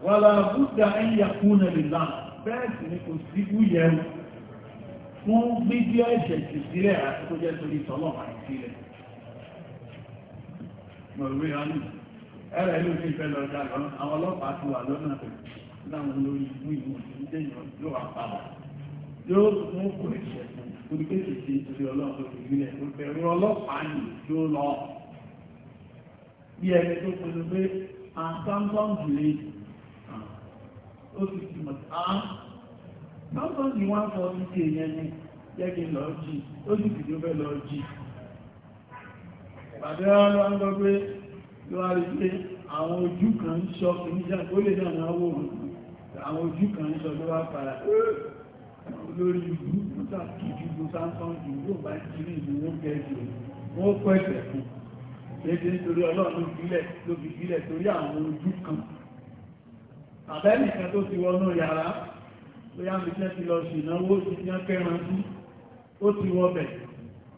wàlàbúdà ẹ̀yà kúnnà lè láàá bẹ́ẹ̀ sì ni kò sí bú yẹn fún gbígbí ẹ̀ṣẹ̀ jù sílẹ̀ àti tó jẹ́ torí tọ́lọ̀ àti ilẹ̀ ẹ̀rẹ̀ ló fi fẹ́ lọ jà lọ́nà àwọn ọlọ́pàá ti wà lọ́nà rẹ̀ láwọn olórí ìlú ìlú ìdíjẹ́yàn ló wà padà yóò mú kò ẹ̀ṣẹ̀ torí kéèkì sí torí ọlọ́pàá tó fi lẹ̀ tó bẹ̀rù ọlọ́pàá yìí tí ó lọ bí ẹni tó pinnu pé àtàntàn jùlẹ̀ ó sì ti mọ̀ án lọ́tọ̀ ni wọ́n sọ ìṣe yẹn ni jẹ́gẹ́ lọ jí ó sì ti fẹ́ lọ jí pàdé ọlọ́gbọ́ pé ló wá rí pé àwọn ojú kan ń sọ oníjà tó lè náà náà wò wọ́n àwọn ojú kan ń sọ ló wá padà olórí ìlú púpà kí ìjúgbó sáńsán jù yóò bá jírí ìlú wọ́n gẹ̀ẹ́jù wọ́n pẹ̀ẹ̀kẹ̀ fún gẹ́gẹ́ nítorí ọlọ́run ló fi sílẹ̀ torí àwọn ojú kan àbẹ́nìkan tó ti wọnú yàrá bóyá mi jẹ́ ti lọ ṣìnáwó ti jẹ́ kẹran sí ó ti wọbẹ̀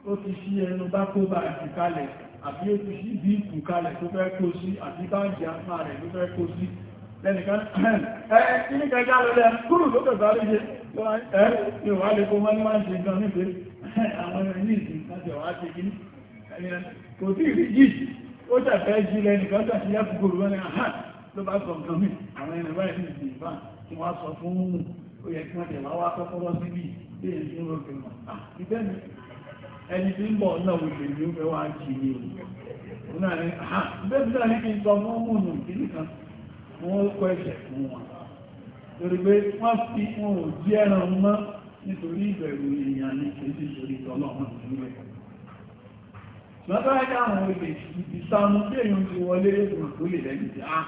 ó ti ṣí ẹnu bá kó bá ẹ̀kù kalẹ̀ àbí ó ti ṣí bí ìkù kalẹ̀ tó fẹ́ kó sí àti báńkì àpá rẹ̀ tó fẹ́ kó sí lẹ́nìkan ẹ̀ẹ́ kí ní kẹjá lọ́lẹ́ kúrò tó kẹ̀ sáré ṣe ẹ́ ìwà lè kó *laughs* wọ́n ní máa *laughs* ló bá sọ nǹkan mìí àwọn ẹni báyìí ní ìdí ìbá tí wọ́n sọ fún un ó yẹ kí wọ́n tẹ̀ wá wá kọ́kọ́rọ́ bí èyí tí ó rò pé wọ́n ah, mi ẹni tí ń bọ̀ náà wò lè ní jì ní òun náà ní kan wọ́n kọ́ fún wọn torí pé wọ́n fi wọn ò jí ẹran mọ́ nítorí ìbẹ̀rù èèyàn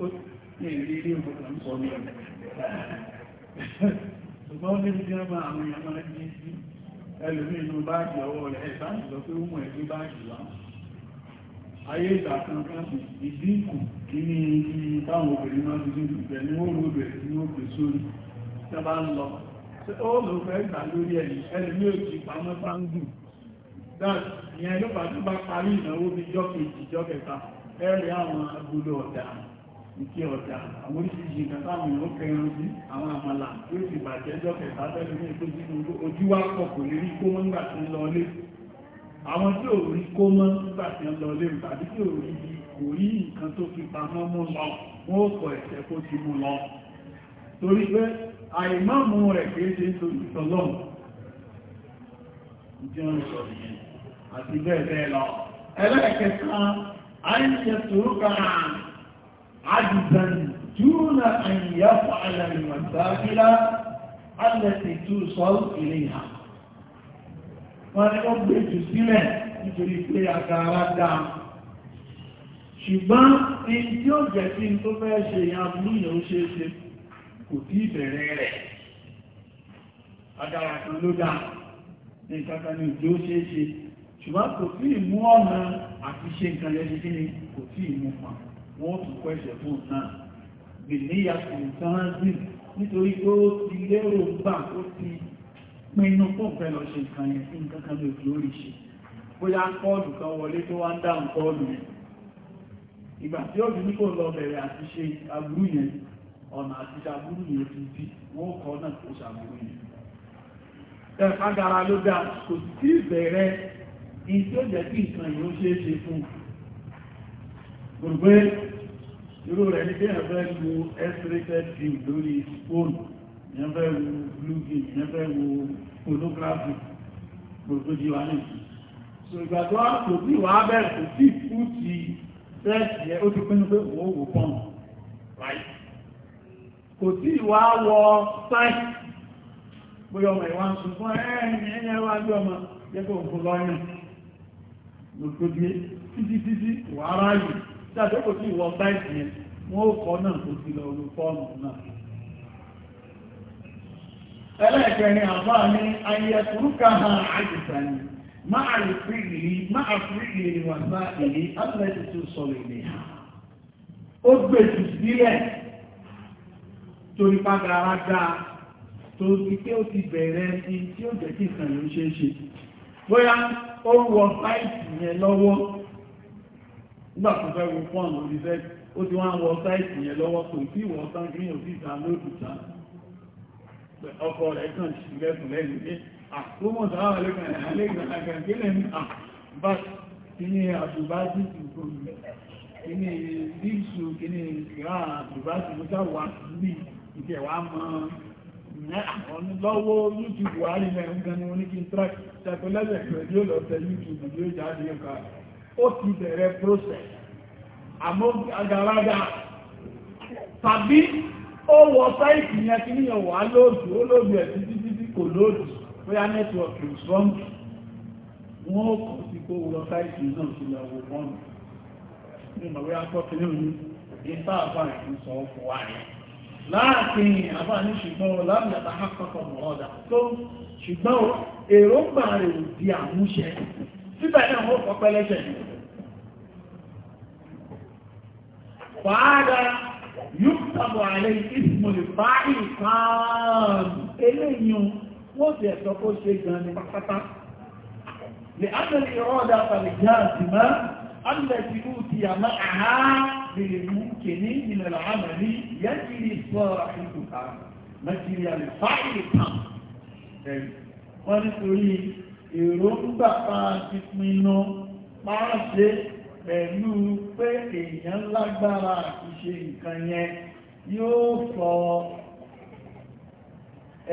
ó ní ìrí ilé ìfọ̀kà ń sọ ní ọ̀rọ̀ ṣùgbọ́n ó ní bí wọ́n máa àwọn èèyàn máa jí sí ẹlòmí inú báàgì ọwọ́ rẹ̀ ẹ̀bá ìlọ pé ó mọ̀ ẹ̀gbẹ́ báàgì wá ayé ìgbà kan káàkì ìdínkù kí ní táwọn obìnrin máa fi dúdú bẹ̀ ní ó rú bẹ̀ tí ó gbé sórí tí ń lọ ó lò fẹ́ ìgbà lórí ẹ̀yìn ẹlòmí ò pamọ́ ẹ̀rí àwọn agbódò ọ̀dà ìkí ọ̀dà àwọn oríṣìíṣìí nǹkan táwọn èèyàn kẹrin sí àwọn àmàlà tí ó sì bàjẹ́ jọ kẹta tẹ́lẹ̀ ní ètò sínú ojú wá pọ̀ kò lè rí kó mọ́ nígbà tí ń ìjọ́ ìṣọ̀rìyàn àti bẹ́ẹ̀ bẹ́ẹ̀ lọ ẹlẹ́ẹ̀kẹta أن يترك عجزا دون أن يفعل المسائل التي توصل إليها wọ́n ó gbé jù sílẹ̀ nítorí pé àkàrà dá ṣùgbọ́n ní tí ó jẹ́ sí tó fẹ́ ṣe ìyàn múlẹ̀ ó ṣe é ṣe kò tí ìbẹ̀rẹ̀ rẹ̀ adára kan ló dá ní ìkàkà ní ìjó ṣe é ṣe ṣùgbọ́n kò sí ìmú ọ̀nà àti ṣe nǹkan lẹ́ṣe kí ni kò sí ìmú pa wọ́n tún kọ́ ẹ̀ṣẹ̀ fún náà gbìníyà kò tán sí nítorí pé ó ti lérò gbà ó ti pinnu tó fẹ́ lọ ṣe nǹkan yẹn sí nǹkan kan lójú orí ṣe bóyá kọ́ọ̀dù kan wọlé tó wá ń dáhùn kọ́ọ̀dù yẹn ìgbà tí ó fi ní kò lọ bẹ̀rẹ̀ àti ṣe aburú yẹn ọ̀nà àti ṣàbúrú yẹn ti di wọ́n kọ́ náà kò ṣàbúrú yẹn. ẹ̀fágara ló dá kò sí ìbẹ̀rẹ̀ ìṣó jẹ́ kí nǹkan yóò ṣe é ṣe fún gbogbo irú rẹ̀ ní kéèyàn fẹ́ wo x-rated film lórí fóònù ìyẹn fẹ́ wo bluegill ìyẹn fẹ́ wo photography gbogbo di wa ní so ìgbà tó wá kò sí wàá bẹ̀rẹ̀ kò sí fú ti sẹ́ẹ̀sì ẹ ó ti pinnu pé òun ò wò pọ́n right kò sí ìwà wọ sáì bóyá ọmọ ìwà ń sùn fún ẹ̀ẹ́n ẹ̀yẹ wá gbé ọmọ jẹ́ kó òun lọ́yìn lòdòdó títí títí wà ráyè ṣàdókò sí ìwọ báyìí yẹn wọ́n ó kọ́ náà tó ti lọ orí náà ẹlẹ́ẹ̀kẹrin àbá ní ayẹ̀kùrúkà ha àjẹsà ni máa lè fi ìrì máa fi wà bá tó sọ̀rọ̀ ha ó gbèsè sílẹ̀ torí pé ó ti bẹ̀rẹ̀ ẹni tí ó jẹ́ ó wọ sáìtì yẹn lọ́wọ́ nígbà tó fẹ́ wo fọ́ọ̀nù ìfẹ́ ó ti wọ́n wọ sáìtì yẹn lọ́wọ́ kò tí wọ́n tán kí yóò sì ta lóòtù ta ọkọ̀ rẹ̀ kàn sí lẹ́kùn lẹ́yìn pé àkómọ̀ sáwọn lẹ́kùn àlẹ́gbẹ̀rẹ̀ àgbẹ̀gbẹ̀lẹ̀ ní àbá kí ní àṣùbá sí ìkòrò kíní díṣù kíní ìrà àṣùbá sí mú lọ́wọ́ YouTube wà nílẹ̀ nǹkan ni wọ́n track ṣàpẹ́lẹ́lẹ̀ pẹ̀lú ọ̀tẹ̀ YouTube yóò jáde ọkà ó ti bẹ̀rẹ̀ process àmọ́ agaraga tàbí ó wọ sáìtì yẹn kí ní ọ̀wà lóòdù ó ẹ̀ títí títí kò lóòdù network is wọ́n ó sí kó wọ sáìtì náà láàkín àbá ní ṣùgbọ́n lábìyàtà hápapọ̀ mọ̀ọ́dà tó ṣùgbọ́n èròǹgbà rẹ̀ ò di àmúṣẹ síbẹ̀ náà wọ́n kọ́ pẹ́lẹ́ṣẹ̀ fàádà yóò tàbọ̀ àlẹ́ ìsìnmọ̀lẹ̀ báyìí káàmù eléyìn wọ́n ti ẹ̀sọ́ kó ṣe gan ni pátápátá lè ágbẹ̀lẹ̀ ìrọ́ọ̀dà pàlẹ̀ التي أوتي معها بالممكن من العمل يجري صاحبها مجري الفعل التام wọ́n nítorí èròǹgbà kan ti pinnu máa ṣe pẹ̀lú pé èèyàn lágbára àti ṣe nǹkan yẹn yóò sọ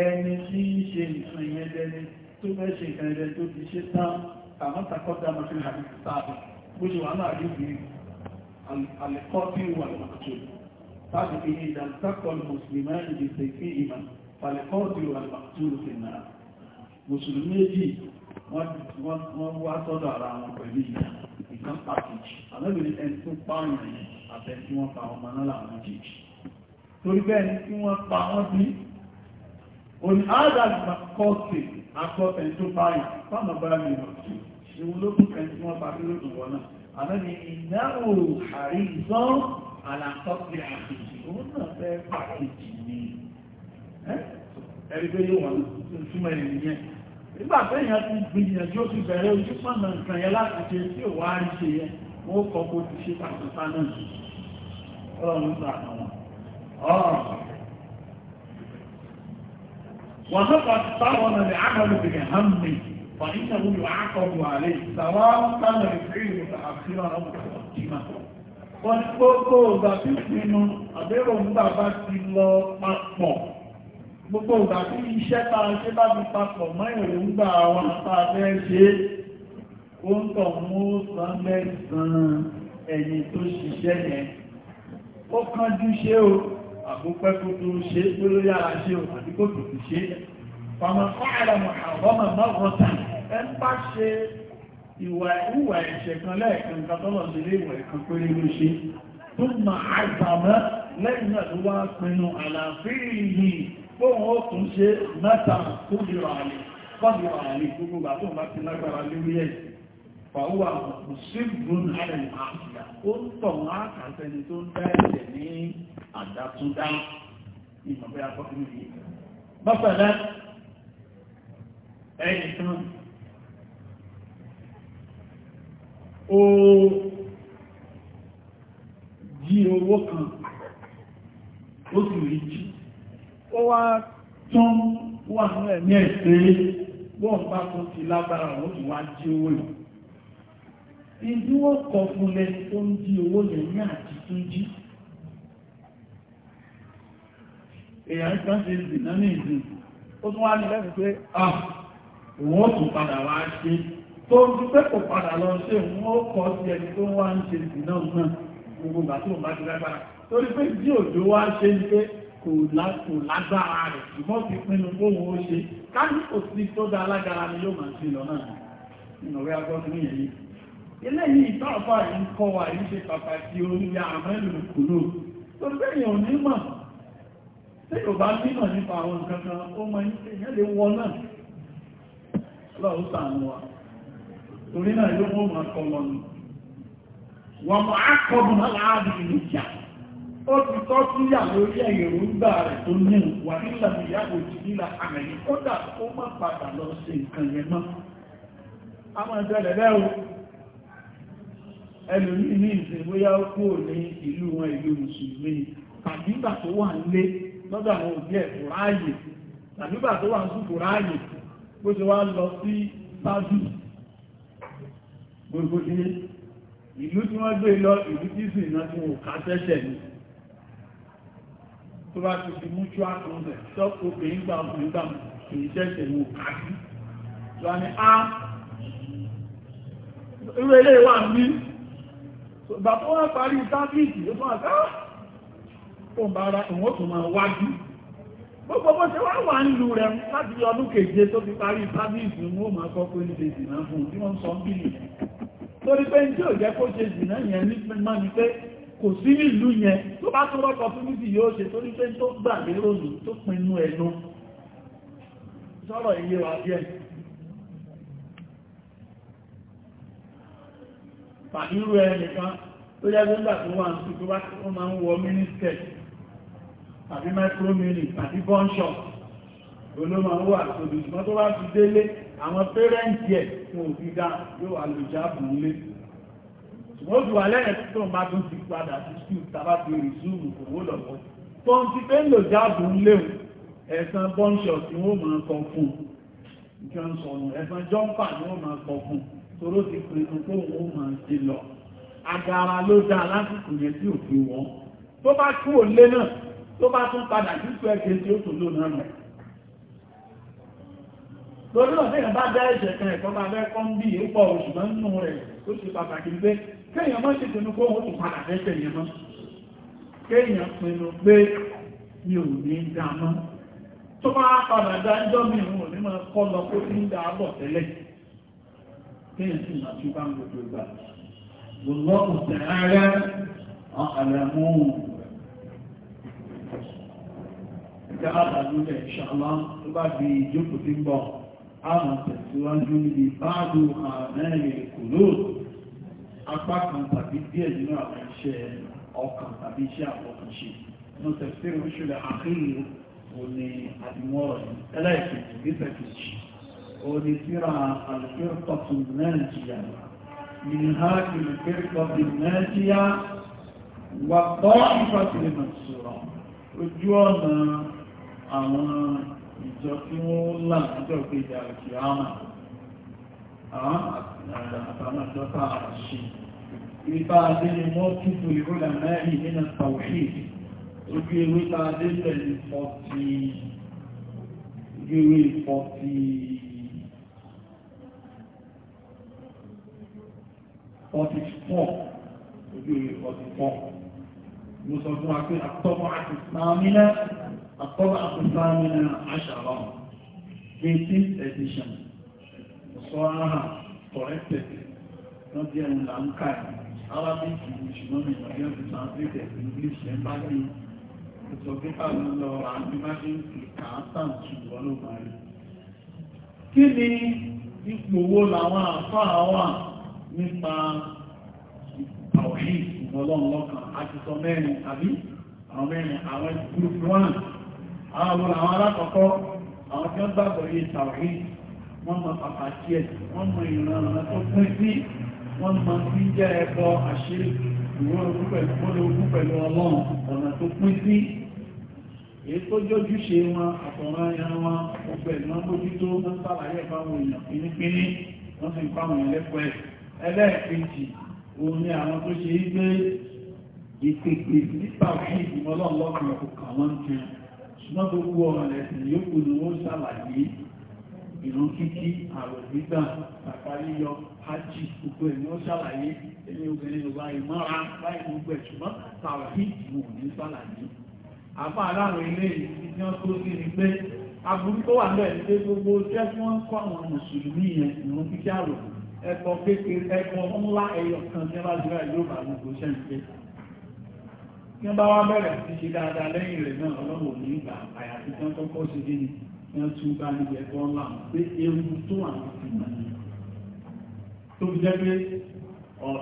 ẹni tí ń ṣe nǹkan yẹn lẹ́ni tó fẹ́ ṣe nǹkan yẹn tó ti ṣe tán كما تقدم في الحديث السابق وجه عن حديث القاتل والمقتول بعد إن إذا التقى المسلمان بسيفهما فالقاتل والمقتول في النار مسلمين يجي wọ́n wá sọ́dọ̀ ara wọn pẹ̀lú ìyá ìkan pàtàkì alábìnrin ẹni tó pààrùn ẹ̀yìn àtẹ́ni tí wọ́n pa ọmọ náà làwọn jìjì torí bẹ́ẹ̀ tí wọ́n pa wọ́n bí òní àádàgbà kọ́ọ̀tì akọ́ ẹni tó pààrùn fáwọn bá mi lọ ìwò lókùn kan tí wọ́n parí lókùn wọn náà àbẹ́ni ìdáhùn òhàrí ìsọ́ àlàkọ́pẹ́ àkejì òun náà fẹ́ pàkejì ni ẹ̀rí pé yóò wà túnmọ̀ ènìyàn nígbà pé èèyàn ti gbìyànjú ó ti bẹ̀rẹ̀ ojú pọ̀nà nǹkan yẹn láti ṣe tí ò wá rí ṣe yẹn wọ́n kọ́ bó ti ṣe pàtàkì فإنه يعاقب عليه سواء كان يفعله متأخرا أو متقدما wọ́n gbogbo ìgbà tí ìpinnu àbẹ́rò ń gbà bá ti lọ papọ̀ gbogbo ìgbà tí iṣẹ́ ta ṣe bá ti papọ̀ mọ́ èròǹgbà àwọn àtàbẹ́ ṣe ó ń tọ̀ mú san mẹ́sàn-án tó ṣiṣẹ́ yẹn ó kánjú ṣe o àbúpẹ́ tó ṣe tó ló yára ṣe o àdíkò tó ṣe pàmò fáàlà mọ̀ ẹ ń bá ṣe ìwà ìwà ẹ̀ṣẹ̀ kan lẹ́ẹ̀kan katọ́lọ̀ sí ilé ìwà ẹ̀kan péré ló ṣe tó ma àìsàmọ́ lẹ́yìn náà ló wá pinnu àlàáfíì yìí fóun ó tún ṣe mẹ́ta tó dìrọ̀ àlè kọ́dìrọ̀ àlè gbogbo bá tó bá ti lágbára lórí ẹ̀ fàwọ́ àmùsùlùmùn àrẹ̀ àṣìyà ó ń tọ̀ wọ́n ó jí owó kan ó sì rí jí ó wá tán wà ní ẹ̀mí ẹ̀sẹ̀ bọ́n bá tó ti lágbára ó sì wá jí owó yìí ìdí wọ́n kọ fún lẹ tó ń jí owó yẹn ní àti tún jí èyàn ìgbà ṣe ìdìnà ní ìdí ó tún wá ní lẹ́fẹ̀ẹ́ pé ah òun ó tún padà wá ṣe tó ń dúpẹ́ kò padà lọ ṣe wọ́n kọ́ sí ẹni tó wá ń ṣe sí náà gbogbo ìgbà tó bá ti lágbára torí pé tí òjò wá ṣe ní pé kò lágbára rẹ̀ ṣùgbọ́n ti pinnu bóhun ó ṣe káàkiri kò sí tó dá ni yóò máa ṣe lọ náà nínú ọ̀rẹ́ eléyìí ìtọ́ọ̀fà yìí kọ́ wa yìí ṣe pàtàkì onímọ̀ tí kò bá ṣe lè wọ náà lọ́wọ́ torí náà yóò mọ́ máa kọ lọ ní wọ́n máa kọ́bù náà láàrin ó ti tọ́ síyà lórí èròǹgbà rẹ̀ tó ní wà nílẹ̀ ìyàwó ìjìnlá àmẹ́yìn kódà ó má padà lọ sí nǹkan yẹn mọ́ a máa bẹ́ẹ̀ o ní ìsìnbóyá ó kúrò ní ìlú wọn ìlú mùsùlùmí tàbí ìgbà tó wà nílé lọ́dọ̀ àwọn òbí ẹ̀ kò ráàyè tàbí gbogbo ní ìlú tí wọ́n gbé lọ ìlú tí sì náà tí wọ́n ká tẹ́ṣẹ̀ ní tó bá ti fi mutual consent tọ́pù obìnrin gbà ọkùnrin gbà kìí tẹ́ṣẹ̀ wọ́n ká sí wà ní a irú ilé wà ní ìgbà tó wọ́n parí sáfíìsì ó fún àgbà ó ń bára ìwọ́n tó máa gbogbo bó ṣe wá ń lu rẹ̀ láti bí ọdún keje tó fi parí sábìsì mú ọmọ akọ́ pé ní ṣèṣì náà fún tí wọ́n sọ ń bí nìyẹn torí pé ní tí ò jẹ́ kó ṣe jì náà yẹn ní mọ́ ni pé kò sí nílùú yẹn tó bá tó rọ́pọ̀ fún níbi yóò ṣe torí pé tó gbà lérò lù tó pinnu ẹnu sọ̀rọ̀ iye wa díẹ̀ pàdírú ẹnìkan tó jẹ́ gbígbà tó wà ní máa ń wọ mínísítẹ̀tì tàbí micromini tàbí bọ́ńṣọ̀ olóma ń wà tóbi ṣùgbọ́n tó bá ti délé àwọn pẹ́rẹ́ǹtì ẹ̀ fún òfin dá yóò wà lò jáàbù nílé ṣùgbọ́n ó ti wà lẹ́yìn tó ń bá tún ti padà sí skul tàbá ti rí zúùrù owó lọ́wọ́ tó ń ti pé ń lò jáàbù nílé ẹ̀sán bọ́ńṣọ̀ tí wọ́n máa kọ fún nǹkan sọ̀nù ẹ̀sán jọ́ǹpà ni wọ́n máa kọ fún toró ti pinnu tó wọ́n máa ti lọ agara ló dáa lásìkò yẹn tí òfin wọn tó bá kúrò lé náà tó bá tún padà jùsù ẹ̀ṣẹ̀ tí ó tún lò náà mẹ́ lórí náà fẹ́yàn bá dá ẹ̀ṣẹ̀ kan ẹ̀kọ́ bá fẹ́ kọ́ ń bí ó pọ̀ oṣù mọ́ nínú rẹ̀ ó ṣe pàtàkì pé kéèyàn mọ́ ṣe pinnu kó òun tún padà fẹ́ṣẹ̀ yẹn mọ́ kéèyàn pinnu pé mi ò ní dá mọ́ tó bá padà dá ẹjọ́ mi òun ò máa kọ́ lọ kó ti ń dá bọ̀ tẹ́lẹ̀ kéèyàn sì máa tún bá ń gbogbo ìgbà gbogbo ọ̀sẹ̀ ara ọ̀hàlẹ̀mú jẹ́ àdàlúlẹ̀ inshallah tó bá di ìjókòó tí ń bọ̀ àwọn tẹ̀síwájú níbi báàdù àmẹ́rin kòló apá kan tàbí díẹ̀ nínú àwọn iṣẹ́ ọkàn tàbí iṣẹ́ àkọkànṣe mo tẹ̀síwájú oṣùlẹ̀ àkíyè òní àdìmọ́rọ̀ ẹlẹ́ẹ̀kejì gbèsè kejì òní síra àlùfẹ́rẹ́kọ̀tù الفرقة الناجية والطائفة المنصورة ojú ọ̀nà àwọn ìjọ tí wọ́n là níjọ́ kejì àti àmà àtàwọn ìjọ tá a ṣe ipa adé ni wọ́n tútù ìrọ̀lẹ̀ mẹ́rin nínú tàwí ojú ewé tá a dé pẹ̀lú fọ́tí ojú ewé fọ́tí fọ́tí fọ́ ojú ewé fọ́tí fọ́ mo sọ fún wa pé àtọ́mọ́ àti sàmínà الطبعة الثامنة عشرة Eighteenth edition صورها corrected not there in Lankai Arabic English mọ́mí ìgbàgbé ọ̀sẹ̀ translated English ẹ̀mbájú ìtọ̀gbẹ́ta ló lọ ra nígbàgbé kàátàn ṣùgbọ́n ló máa rí. Kí ni ipò wo làwọn àfáà wà nípa àwòrán ìmọ̀lọ́ọ̀lọ́kan àti sọ mẹ́rin àwọn ọmọ àwọn alákọ̀ọ́kọ́ àwọn tí ó gbàgbọ́ yìí tàwí wọ́n mọ pàtàkì ẹ̀ wọ́n mọ ìrànlọ́nà tó pín sí wọ́n mọ sí jẹ́ ẹbọ àṣírí ìwọ́n ogún pẹ̀lú ọlọ́run ọ̀nà tó pín sí èyí tó jójú ṣe wọn àtọ̀rọ̀ ẹran wọn ọgbẹ̀ ìwọ́n mójútó wọ́n sàlàyé fáwọn èèyàn pínípíní wọ́n sì fáwọn ẹlẹ́pẹ́ ẹlẹ́ẹ̀kejì òun ni àwọn tó ṣe é gbé ìpèpè nípa òfin ìgbìmọ̀ ọlọ́run lọ́kùnrin kò kà wọ́n jẹun ṣùgbọ́n gbogbo ọ̀rọ̀ ẹ̀sìn yókù ni wọ́n ṣàlàyé ìrun kíkí àwẹ̀ gbígbà bàbá yíyọ ájì gbogbo ẹ̀ ni wọ́n ṣàlàyé ẹni obìnrin ló bá ìmọ́ra báyìí gbogbo ẹ̀ ṣùgbọ́n tàwọn ìdìbò ní ṣàlàyé àbá aláàrùn ilé ìdí wọn tó sí ni pé aburú tó wà lẹ́ẹ̀ ní pé gbogbo jẹ́ kí wọ́n kọ́ àwọn mùsùlùmí yẹn ìrun kíkí àrò ẹ̀kọ́ kékeré ẹ̀kọ́ ńlá ẹyọ kan tí wọ́n bá tí bá wá bẹ̀rẹ̀ sí ṣe dáadáa lẹ́yìn rẹ̀ náà ọlọ́wọ̀ ní ìgbà àyàfi tán kọ́kọ́ ṣe dé ní wọ́n tún bá níbi ẹ̀kọ́ ńlá pé ewu tó àwọn ti mọ̀ ní tó fi jẹ́ pé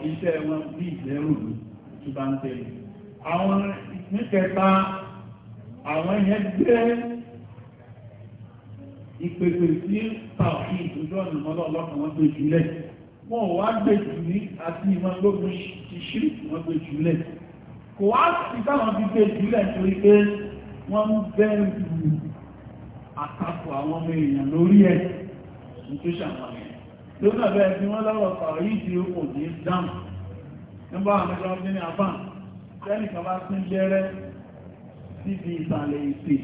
iṣẹ́ wọn bí ìbẹ̀rù ló tún bá ń tẹ̀lé àwọn níkẹta àwọn yẹn gbé ìpèsè sí tàwọn ìdójú ọ̀nà mọ́lọ́ ọlọ́pàá wọn gbé jùlẹ̀ wọn ò wá gbé jù ní àti ìmọ̀ kò wá sí táwọn fi gbé ìjúlẹ̀ torí pé wọ́n ń bẹ̀rù àtakò àwọn ọmọ èèyàn lórí ẹ̀ ní tó ṣàmàlẹ̀ lónà bẹ́ẹ̀ tí wọ́n lọ́rọ̀ sọ̀rọ̀ yìí tí ó ní dáhùn nígbà àmìjọ ọdún ní àbá tẹ́nì kan bá tún jẹ́rẹ́ síbi ìsàlẹ̀ ìpè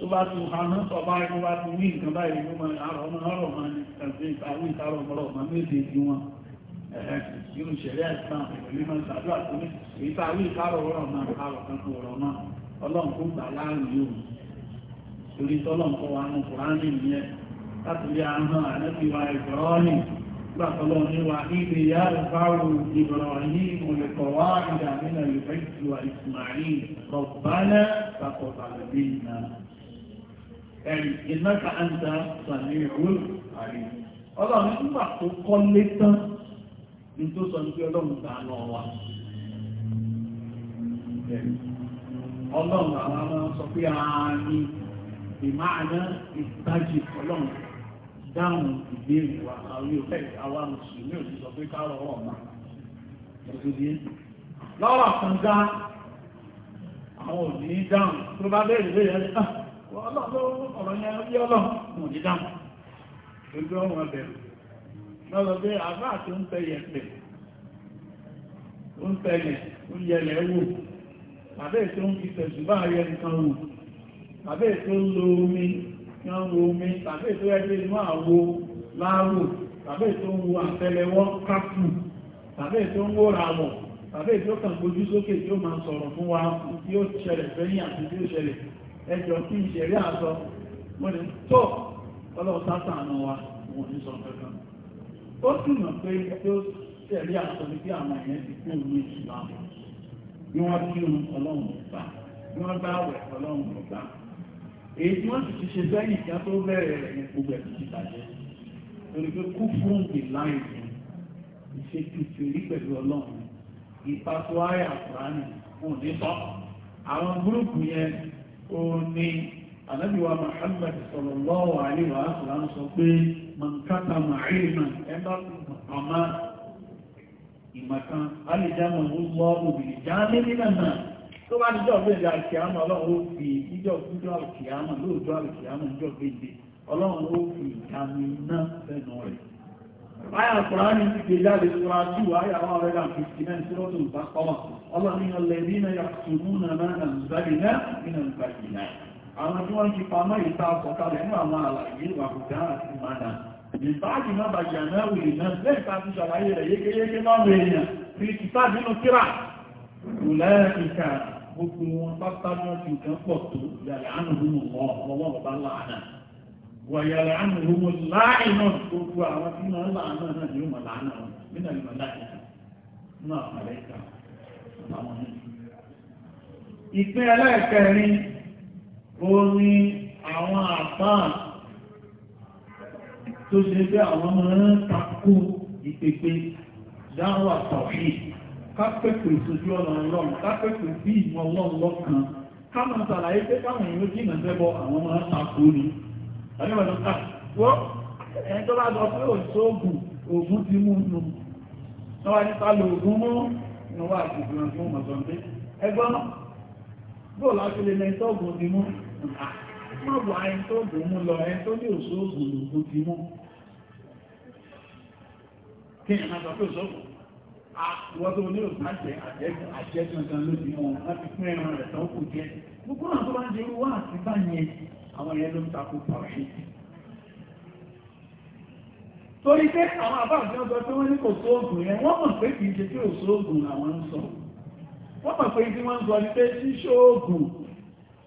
tó bá tún hàná sọ̀bá ẹ̀kọ́ bá tún ní nǹkan báyìí ló máa ọmọ máa irú ìṣẹ̀lẹ̀ ẹ̀sán onímọ̀ ìṣàdúrà tó ní èyí tá a rí ìkárọ̀ ọ̀rọ̀ náà kárọ̀ kan kó ọ̀rọ̀ náà ọlọ́run kó gbà láàrin yóò torí tọ́lọ́run kọ́ wa nù kùránì nìyẹn láti rí ahọ́n àlẹ́bí wa ìbọ̀rọ́ọ̀nì nígbà tọ́lọ́run ní wa níbi ìyá ìfáwò ìbọ̀rọ̀ọ̀nì mọ̀lẹ́kọ̀ wá ìdá nínú ìfẹ́ ìtura ìsìmáàlì kọ̀bálẹ̀ kàkọ̀bàlẹ̀ ẹ̀rì tó sọ ní pé ọlọ́run sàánú wa ọlọ́run àwọn ọmọ sọ pé ààrí ìmáàná ìtají ọlọ́run dáhùn ìbéèrè wa àwọn ìfẹ́ àwọn mùsùlùmí ò ti sọ pé káàrọ̀ ọ̀ma lọ́rọ̀ kan dá àwọn òní dáhùn tó bá bẹ́ẹ̀ ah, lè yẹn ọ̀rọ̀ yẹn yọ́ lọ́rùn òní dáhùn lọ́lọ́ pé àbá àti ń tẹ́yẹ̀ pẹ̀ ń tẹ́yẹ̀ ń yẹlẹ̀ wò àbẹ́ tó ń fi tẹ̀sù bá ayẹ nǹkan wò àbẹ́ tó ń lo omi kan wo omi tàbí tó ẹgbẹ́ inú àwo láàrò tàbí tó ń wo àtẹ́lẹwọ́ kápù tàbí tó ń wóra wọ̀ tàbí tó kàn gbójú sókè tí ó máa sọ̀rọ̀ fún wa tí ó ṣẹlẹ̀ fẹ́yìn àti tí ó ṣẹlẹ̀ ẹjọ́ tí ìṣẹ̀rí àsọ wọ́n ni tó ọlọ́ọ̀tá sàánú wa wọ́n ní sọ kankan ó sì mọ̀ pé tó tẹ̀lé àtọ́jú bí àwọn èèyàn ti kú ní ìṣúná bí wọ́n kí wọn ọlọ́run ọ̀gbà bí wọ́n bá wẹ̀ ọlọ́run ọ̀gbà èyí tí wọ́n sì ti ṣe sẹ́yìn ìjà tó bẹ̀rẹ̀ rẹ̀ ní gbogbo ẹ̀sìn ti bàjẹ́ torí pé kú fún the line ìṣètùtù rí pẹ̀lú ọlọ́run ìpapò ayé àkùránì fún òní sọ àwọn gúrùpù yẹn ó ní ànábìwá Muhammad sallallahu alaihi wa sallam sọ pé mọ̀nkátà màáìmà ẹbá àmá ìmọ̀kan alìjámọ̀ ló mọ́ obìnrin jáde nílànà tó bá níjọ́ gbèdè àkìámà ọlọ́run ó fi níjọ́ gbèdè àkìámà lóòjọ́ àkìámà níjọ́ gbèdè ọlọ́run ó fi ìdámi náà fẹ́nu rẹ̀ Aya Kùránì ti gbé jáde sọ́ra jù ayà wọn rẹ̀ dà fi sí náà sọ́rọ̀ tó ń bá kọ́mà. Ọlọ́run ni ọlẹ́bí náà yà sùnmù náà náà nà ń bá àwọn tí wọ́n ti pamọ́ ìta ọ̀sọ̀kalẹ̀ ní àwọn àlàyé wàkùdá àti ìmànà ìbáàdì má bàjì àmẹ́wò ìná lẹ́ẹ̀ta ti ṣàlàyé rẹ̀ yékéyéké láwọn èèyàn fi ìtìta nínú kíra lẹ́ẹ̀kìkà gbogbo wọn ó ní àwọn àpáà tó ṣe pé àwọn ọmọ rán takú ìpèpè dáwà tọ̀fí kápẹ́pẹ́ ìsojú ọ̀nà ọlọ́run kápẹ́pẹ́ bí ìmọ̀ ọlọ́run lọ́kàn káwọn sàlàyé pé káwọn èèyàn jìnà fẹ́bọ àwọn ọmọ rán takú ni ẹni tó bá sọ pé òṣòògùn ògùn ti mú nù lọ́wọ́ nípa lò ògùn mú ìwọ̀n àti ìgbìyànjú mọ̀sán pé ẹgbọ́n bóò láti lè mẹ́tọ́gùn ti Mọ́bù ayé tó bò mú lọ ẹ tó ní òṣòògùn lògbò ti mú. Kí ni sọ pé òṣòògùn? Àwọn tó ní òṣàjẹ́ àjẹ́ kankan ló ti mú láti fún ẹran rẹ̀ tán kò jẹ́. Gbogbo náà tó bá ń wá àti bá yẹn, àwọn yẹn ló ń Torí pé àwọn tí wọ́n ní kò wọ́n mọ̀ pé í ṣe pé làwọn ń sọ. Wọ́n mọ̀ pé tí wọ́n ń sọ ní pé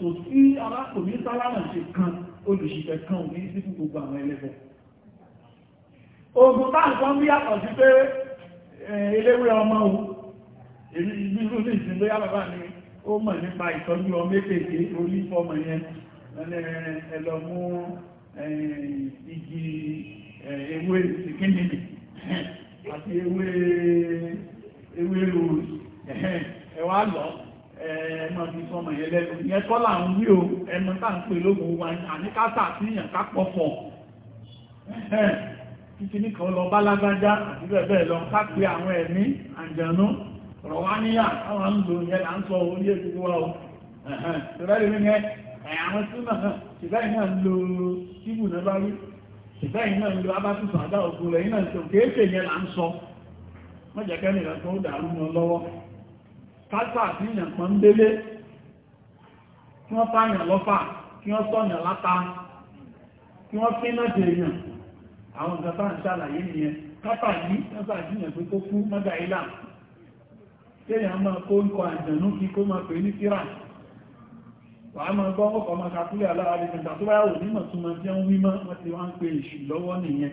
kò sí alákòní sálámà ṣe kan olùṣìṣẹ́ kan ò ní sí fún gbogbo àwọn ẹlẹ́bọ̀ ogun táàkọ́ bí yàtọ̀ sí pé eléwé ọmọ o èyí ìlú ní ìsinmi yàbàbà ni ó mọ̀ nípa ìtọ́jú ọmọ èkèké onífọ́mọ̀ yẹn ẹlọ́mú igi ewé ìsìnkínìmì àti ewé ewé rúurú ẹ̀wà lọ́ọ̀ ẹ̀ẹ̀mọ̀ ti sọmọ̀ yẹn lẹ́nu ìyẹn kọ́ là ń wí o ẹ̀mọ̀ tá ń pè lóògùn wa àníkásà sí ìyàn kápọ̀ pọ̀ títí ní kan lọ bálágbájá àti bẹ́ẹ̀ bẹ́ẹ̀ lọ kápẹ́ àwọn ẹ̀mí àjànú rọ̀wáníyà àwọn ń lò yẹn là ń sọ orí ètùtù wa o ṣùgbọ́n ìwé yẹn àwọn súnmọ̀ ṣùgbọ́n ìyẹn ń lo síbù náà bá rí ṣùgbọ́n ìyẹn ń lo abátútù àdá òkú rẹ̀ ìyẹn ń sọ kéèké yẹn là ń sọ mọ́jẹ̀kẹ́ nìkan tó dàrú mọ́ lọ́wọ́ kásà sí ìyàn pọ̀ ń délé kí wọ́n pààyàn lọ́fà kí wọ́n sọ̀yàn láta kí wọ́n fínà dè èèyàn àwọn nǹkan tá ń ṣàlàyé nìyẹn kápà yìí kásà sí ìyàn pé tó kú mọ́gà ilá kéèyàn máa kó ń kọ àjànú kí kó máa pè ní síra wàá máa gbọ́ ọkọ̀ máa kakúlẹ̀ alára lè gbẹ̀gbà tó báyàwó nímọ̀ tó máa jẹun wímọ́ wọ́n ti wá ń pe èṣù lọ́wọ́ nìyẹn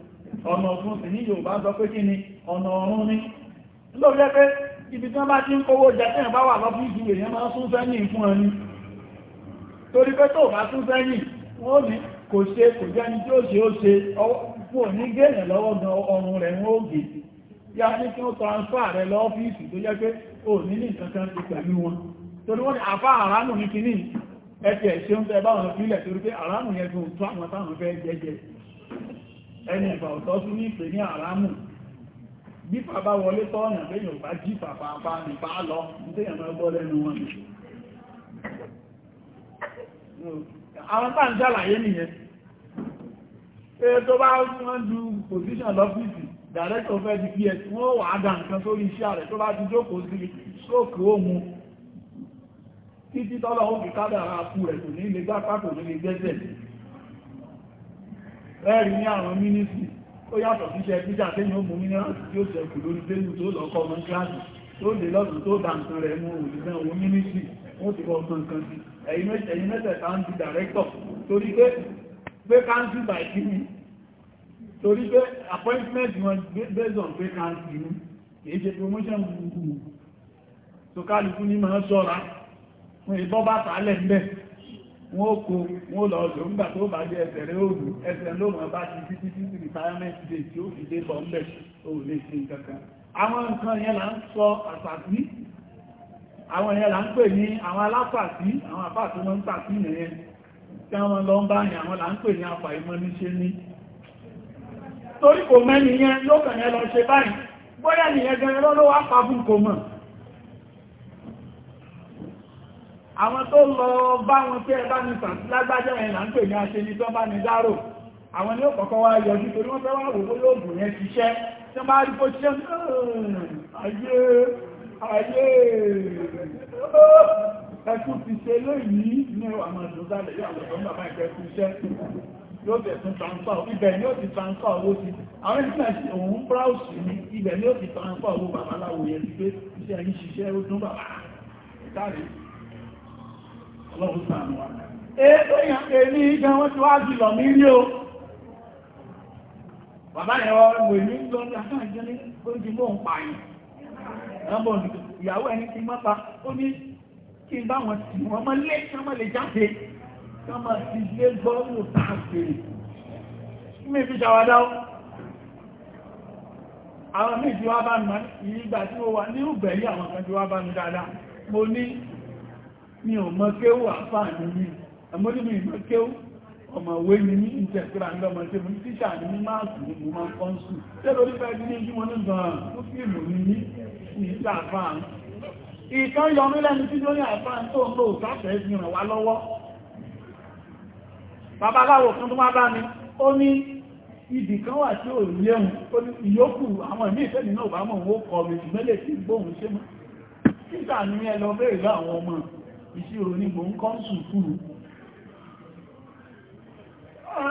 ọ̀nà ọ̀tún sí ní Yorùbá sọ pé kí ni ọ̀nà ọ̀run ní lórí ẹgbẹ́ ibi tí wọ́n bá ti ń kówó jẹ tí wọ́n bá wà lọ́pù ìjú èèyàn máa sún sẹ́yìn fún ẹni torí pé tó bá sún sẹ́yìn wọ́n ní kò ṣe kò jẹ́ ní tí ó ṣe ó ṣe fún òní gẹ́ẹ̀yàn lọ́wọ́ gan ọrùn rẹ̀ ń ògè yá ní kí wọ́n transfer rẹ̀ lọ ọ́fíìsì tó jẹ́ pé ò ní ní nǹkan kan ti pẹ̀lú wọn torí wọ́n ní àfá àránù ní kíní ẹ̀kẹ́ ṣe ń fẹ́ báwọn fílẹ̀ torí pé àránù yẹn tó àwọn táwọn fẹ́ jẹ́jẹ́ ẹni ìgbà ọ̀tọ́ sí ní ìpè ní àrámù bípa bá wọlé tọ́ọ̀nà pé yóò bá jí pàpàpá nípa lọ nítéyàn máa gbọ́ lẹ́nu wọn àwọn tá ń ṣàlàyé nìyẹn pé tó bá position lọ́fíìsì director fẹ́ di ps wọ́n wà á dá nǹkan sórí iṣẹ́ rẹ̀ tó bá ti jókòó sí stroke ó mu títí tọ́lọ́ ó fi kádàrá kú rẹ̀ kò ní lè gbápá kò ní lè gbẹ́sẹ̀ rẹ́rì ní àwọn mínísì ó yàtọ̀ sí iṣẹ́ píjà tẹ́yìn ó mú mínírànsì tí ó ṣẹ̀kù lórí tẹ́lù tó lọ́kọ́ ọmọ kíláàsì tó lè lọ́dún tó dà nǹkan rẹ̀ mú òṣìṣẹ́ owó mínísì wọ́n ti kọ́ kankan sí ẹ̀yìn mẹ́tẹ̀ẹ̀ta ń di dàrẹ́kọ̀ torí pé pé káńsì by kíni torí pé appointment wọn based on pé káńsì ní kìí ṣe promotion gbogbo so kálukú ní máa ṣọ́ra fún ìbọ́ bàtà lẹ́ńbẹ̀ẹ́ wọ́n kó wọ́n lọ ọ̀dọ̀ ńgbà tó bá jẹ́ ẹsẹ̀ rẹ̀ òòrùn ẹsẹ̀ ló mọ̀ bá ti títí títí retirement day tí ó fi dé bọ̀ ńbẹ̀ ò lè ṣe kankan àwọn nǹkan yẹn là ń sọ àsàtí àwọn yẹn là ń pè ní àwọn alápàtí àwọn àpá tó mọ́ ń pàtí yẹn tí wọ́n lọ ń bá yẹn àwọn là ń pè ní àpà ìmọ̀ níṣẹ́ ní torí kò mẹ́ni yẹn lókàn yẹn lọ ṣe báyìí bóyá nìyẹn gan-an lọ́wọ́ àwọn tó lọ bá wọn pé ẹ bá ní lágbájá ẹ̀ là ń pè ní aṣeni tó bá ní dárò àwọn ni ó kọ́kọ́ wá yọjú torí wọ́n fẹ́ wá wò ó lóògùn yẹn ti ṣẹ́ tí wọ́n bá rí kó ẹkùn ti ṣe lóyìí ní àwọn ìdúgbàlẹ̀ yóò àwọn ọ̀dọ́ bàbá ìkẹ́kùn iṣẹ́ yóò bẹ̀ tún transfer ibẹ̀ ni ó ti transfer owó sí àwọn ni ó ti transfer owó babaláwo yẹn ti Ọlọ́run sàánú wa. Ètò ìyànké ní ìgbà wọ́n ti wá jùlọ mí rí o. Bàbá yẹn wọ́n wè ní lọ́nà àtàjẹ́ ní oúnjẹ mọ́ ń pa yìí. Ọmọ ìyàwó ẹni ti má pa, ó ní kí n bá wọn tì wọ́n mọ́ lé kí wọ́n lè jáde. Kí wọ́n máa ti lé gbọ́rùn tá Kí mi fi ṣàwádá o. Àwọn míì ti wá bá mi, ìgbà tí mo wà ní ìgbẹ̀yìn àwọn kan ti wá bá mi dáadáa. Mo ní mi ò mọ kéwù àfáàní mi ẹmọ́lúmi ìmọ̀ kéwù ọmọ òwe mi ní ìjẹ̀kúra ní ọmọ tí mo tíṣà ní máàkù ní mo máa tẹ́lọ nípa ẹni ní ìjú wọn ní gan-an fíìmù ní ní ìjà àfáàn ìkan yọ mí lẹ́nu tí lórí àfáàn tó ń lò sáfẹ́ fi ràn wá lọ́wọ́ babaláwo kan tó máa bá mi ó ní ibì kan wà tí ò léhun ó ní ìyókù àwọn ìmí ìfẹ́ mi náà mọ̀ ó kọ mi ṣùgbọ́n lè ti gbóhùn ṣé mọ́ ìṣirò ní mò ń kọ́ sùkúrù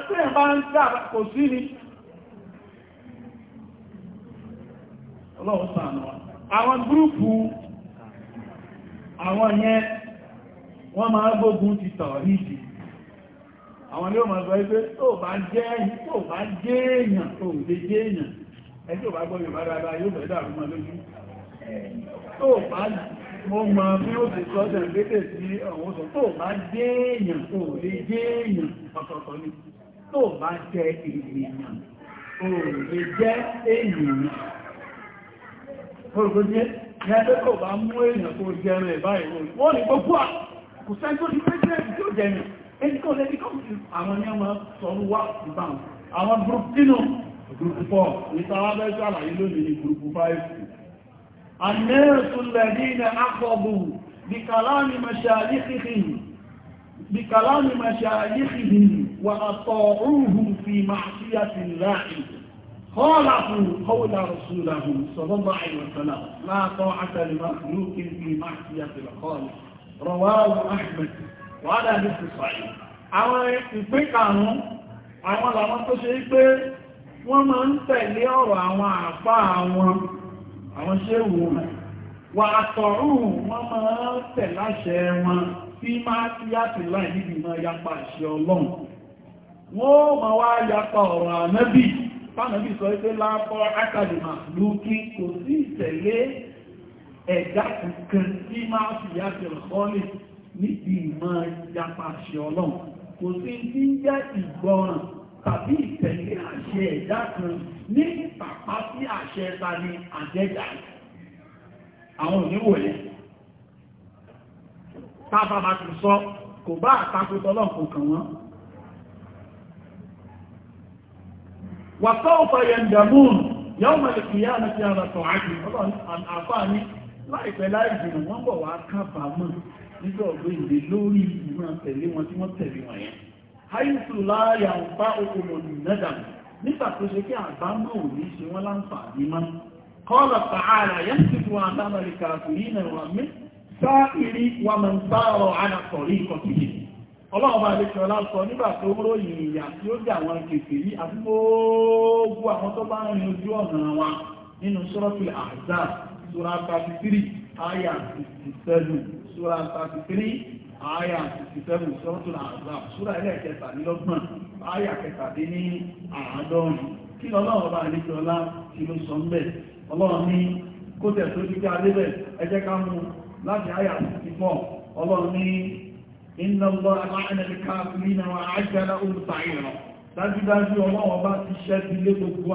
tí ẹ̀ bá ń dà kò sí ni ọlọ́run sànà àwọn gúrùpù àwọn yẹn wọ́n máa gbógun ti tọ̀ ìdí àwọn ni ó máa gbọ́ ẹgbẹ́ tó bá jẹ́ tó bá jẹ́ èèyàn tó lè jẹ́ èèyàn ẹjọ́ bá gbọ́ Yorùbá dáadáa yóò bẹ̀ẹ́ dàrú mọ́ lójú tó bá mo mọ̀ bí ó ti sọ́jẹ̀ létẹ̀ sí àwọn oṣù tó bá jẹ́ èèyàn tó lè jẹ́ èèyàn ọ̀tọ̀ọ̀tọ̀ ni tó bá jẹ́ èèyàn tó lè jẹ́ èèyàn orúkọ jẹ́ ẹgbẹ́ kò bá mú èèyàn tó jẹ́ rẹ̀ báyìí wọ́n ní gbogbo à kò sẹ́ tó ti pẹ́jẹ́ tó jẹ́ rẹ̀ èyí الناس الذين أخذوا بكلام مشايخهم بكلام مشايخهم وأطاعوهم في معصية الله خالفوا قول رسولهم صلى الله عليه وسلم لا طاعة لمخلوق في معصية الخالق رواه أحمد وعلى مثل صحيح àwọn ìpín kàánú àwọn làwọn tó ṣe pé wọ́n máa ń tẹ̀lé ọ̀rọ̀ àwọn àfáà wọn àwọn ṣéwù rẹ̀ wà àtọ̀rùn wọ́n máa ń tẹ̀ láṣẹ wọn tí máa ti yàtì láì níbi máa yapa àṣẹ ọlọ́run wọ́n máa wá yapa ọ̀rọ̀ ànábì fánàbì sọ pé lábọ́ akadìmà lókè kò sí ìtẹ̀lé ẹ̀dá kankan tí máa ti yàtì ọ̀kọ́lẹ̀ níbi máa yapa àṣẹ ọlọ́run kò sí ti ń ìgbọràn tàbí ìtẹ̀lé àṣẹ ẹ̀dá kan ní pàpá sí àṣẹ ta ni àjẹ́dà àwọn oníwòye tábà bá ti sọ kò bá àtakótọ́ lọ́n kò kàn wọ́n wàtọ́ ọ̀fẹ́ yẹndàmún yọ́ mọ̀lẹ̀kìyà àti àràtọ̀ àti ọlọ́run àfáà ní láìpẹ́ láì jìnà wọ́n bọ̀ wá kábàámọ̀ nígbà ọ̀gbẹ́ ìlé lórí ìmọ̀ tẹ̀lé wọn tí wọ́n tẹ̀lé wọn yẹn haitu láyà ń bá okùnmọ̀ nìdàn nígbà tó ṣe kí àbámọ̀ ò ní ṣe wọ́n láǹfààní mọ́ kọ́lá tààrà yẹn ti fún àtàmàlì kàfìrí nàìwà mí sáàkiri wà mọ̀ ń sáàrọ̀ ànàkọ̀rí sura 33 aya 67 sura 33 àyà 67 sọ́tún àzáàbù súrà ẹlẹ́ẹ̀kẹta nílọ́gbọ̀n àyà kẹtàdé ní àádọ́rùn kí lọ́lọ́wọ́ bá níjọ ọlá tí ló sọ mẹ́ ọlọ́run ní kó tẹ̀ tó jíjá lébẹ̀ ẹ jẹ́ ká mú láti àyà 64 ọlọ́run ní iná lọ aláàrẹ̀ káàkiri náà àjẹ́lá olùtàìrọ̀ dájúdájú ọlọ́wọ́ bá ti ṣẹ́ ti lé gbogbo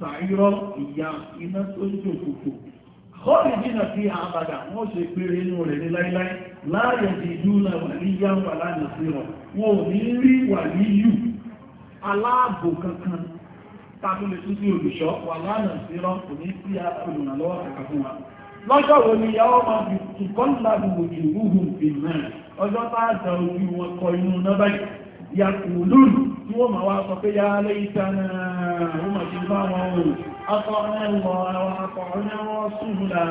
sàírọ́ ìyá iná tó ń jò kòkò kọ́lì nínà sí àbàdà wọ́n ṣe pèrè inú rẹ̀ ní láíláí láàyè ti dúnà wà ní yá wà lánà sí rọ̀ wọn ò ní rí wà ní yù aláàbò kankan tàbí lè tún sí olùṣọ́ wà lánà sí rọ̀ kò ní sí ya kùlùn tí wọ́n ma wá sọ pé ya lẹ́yìta náà wọ́n ma ti bá wọn o akọ ẹwọ àwọn akọ ẹwọ súnmùlà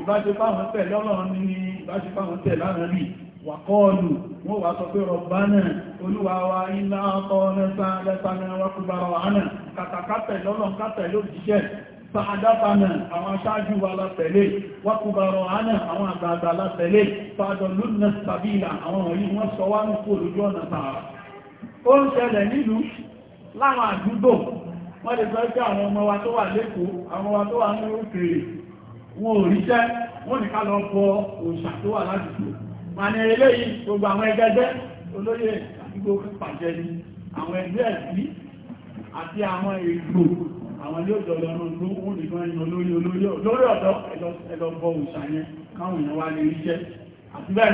ìbájúbá wọn tẹ̀ lọ́rọ̀ ní ìbájúbá wọn tẹ̀ lánàá rí wàkọ́ọ̀lù wọ́n wà sọ pé rọ̀bánà olúwa wa iná ọkọ̀ ọ̀rẹ́sà lẹ́sànà wákùbára wàhánà kàtàkátẹ̀ lọ́nà kátẹ̀ ló jíṣẹ́ fàádátànà àwọn aṣáájú látẹ̀lé wákùbára wàhánà àwọn àgbààgbà àwọn ọ̀rí wọ́n sọ wá ní kò lójú ọ̀nà tààrà ó ń ṣẹlẹ̀ nílùú láwọn àdúgbò wọ́n lè sọ pé àwọn ọmọ wa tó wà lẹ́kọ̀ọ́ àwọn wa tó wà ní wọn ò lọ bọ òṣà tó wà ládùúgbò ma gbogbo àwọn ẹgbẹ́gbẹ́ olóyè àdúgbò ni àwọn ẹgbẹ́ ẹ̀sí àti àwọn ègbò àwọn ilé òjò lọ́nà tó wọ́n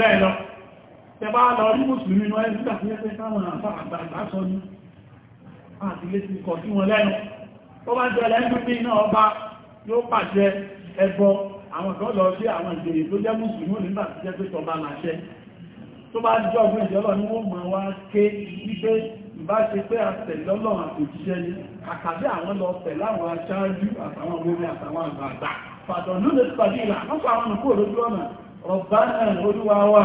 lè tẹbá lọ rí mùsùlùmí náà ẹni tàbí ẹgbẹ́ sáwọn àgbàgbà sọ ní àti lé ti kọ̀ sí wọn lẹ́nu tó bá jẹ́ lẹ́gbẹ́ iná ọba yóò pàṣẹ ẹbọ àwọn kan lọ sí àwọn ìgbèrè tó jẹ́ mùsùlùmí nígbà tí jẹ́ pé tọba làṣẹ tó bá jọ ọgbọ́n ìjọlọ ni wọ́n mọ̀ wá ké wípé ìbá ṣe pé àtẹ̀lọ́lọ́ àtòjíṣẹ́ ni àkàbí lè pàdé ìlà wọ́n àwọn olùkó olójú ọ̀bá náà olúwa wà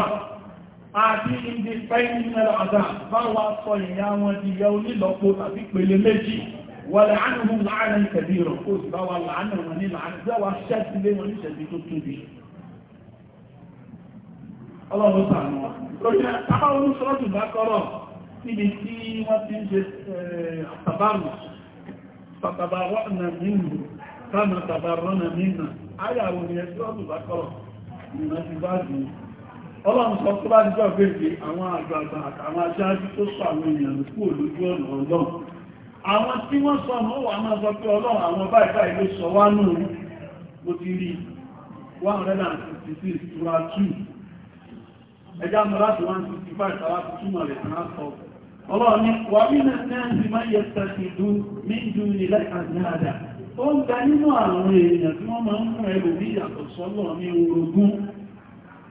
àti ìdí pẹ́yìn nínú àdá bá wá sọ ìyá wọn di ìyá onílọ́pọ̀ tàbí pèlè méjì wọlé ánùhùn láàrin kẹbí rọ̀ kó sì bá wà láàrin wọn ní láàrin bẹ́ẹ̀ wá ṣẹ́sí lé wọn níṣẹ́bí tó tóbi ọlọ́run sànù wa lórí apá ọlọ́run sọ tó bá díjọ́ gbèjì àwọn àgbààgbà àtàwọn aṣáájú tó sọ àwọn èèyàn kú olójú ọ̀nà ọlọ́run àwọn tí wọ́n sọ mọ́ wà máa sọ pé ọlọ́run àwọn báyìí ló sọ wá nù mo ti rí 166 2 ẹjá mọ́ láti 165 rẹ̀ sọ ọlọ́run wà ti máa yẹ ó ń ga nínú àwọn èèyàn tí wọ́n máa ń ìyàtọ̀ sọ́lọ́ ní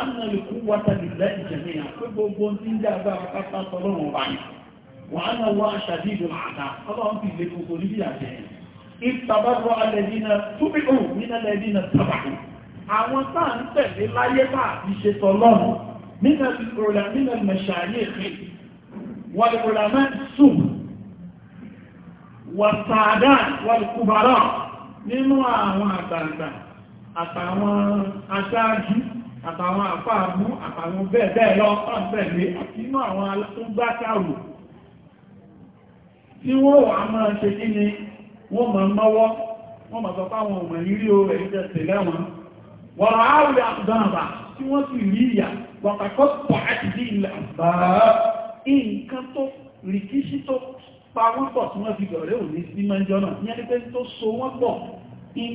anna lè kú wata lè jẹ̀míyà pé gbogbo tí ń jẹ́ agbára pátá tọ́lọ́run ọba ni wà á náà wá aṣàdí ìlú àdá ọlọ́run ti lè kòkò níbi àjẹ́ ìtàbárọ̀ alẹ́dínà túbíkùn nínú alẹ́dínà tàbàkù àwọn táà ń tẹ̀lé àtàwọn aṣáájú àtàwọn àfáàmú àtàwọn bẹ́ẹ̀ bẹ́ẹ̀ lọ ọ̀pẹ̀lẹ̀ àti inú àwọn alátúngbákàrò tí wọ́n wà máa ṣe kí ni wọ́n máa mọ́wọ́ wọ́n máa sọ fáwọn ọmọ ìrírí o rẹ̀ jẹ́ tẹ̀lẹ́ wọn wọ́n àárí àdánàbà tí wọ́n sì rí ìyà wọ́pàkọ́ pàtàkì ní ilẹ̀ àbáà nǹkan tó rìkíṣí tó pa wọ́n pọ̀ tí wọ́n fi bẹ̀rẹ̀ òní sí mẹ́jọ náà ní ẹni pé tó so wọ́n pọ̀ in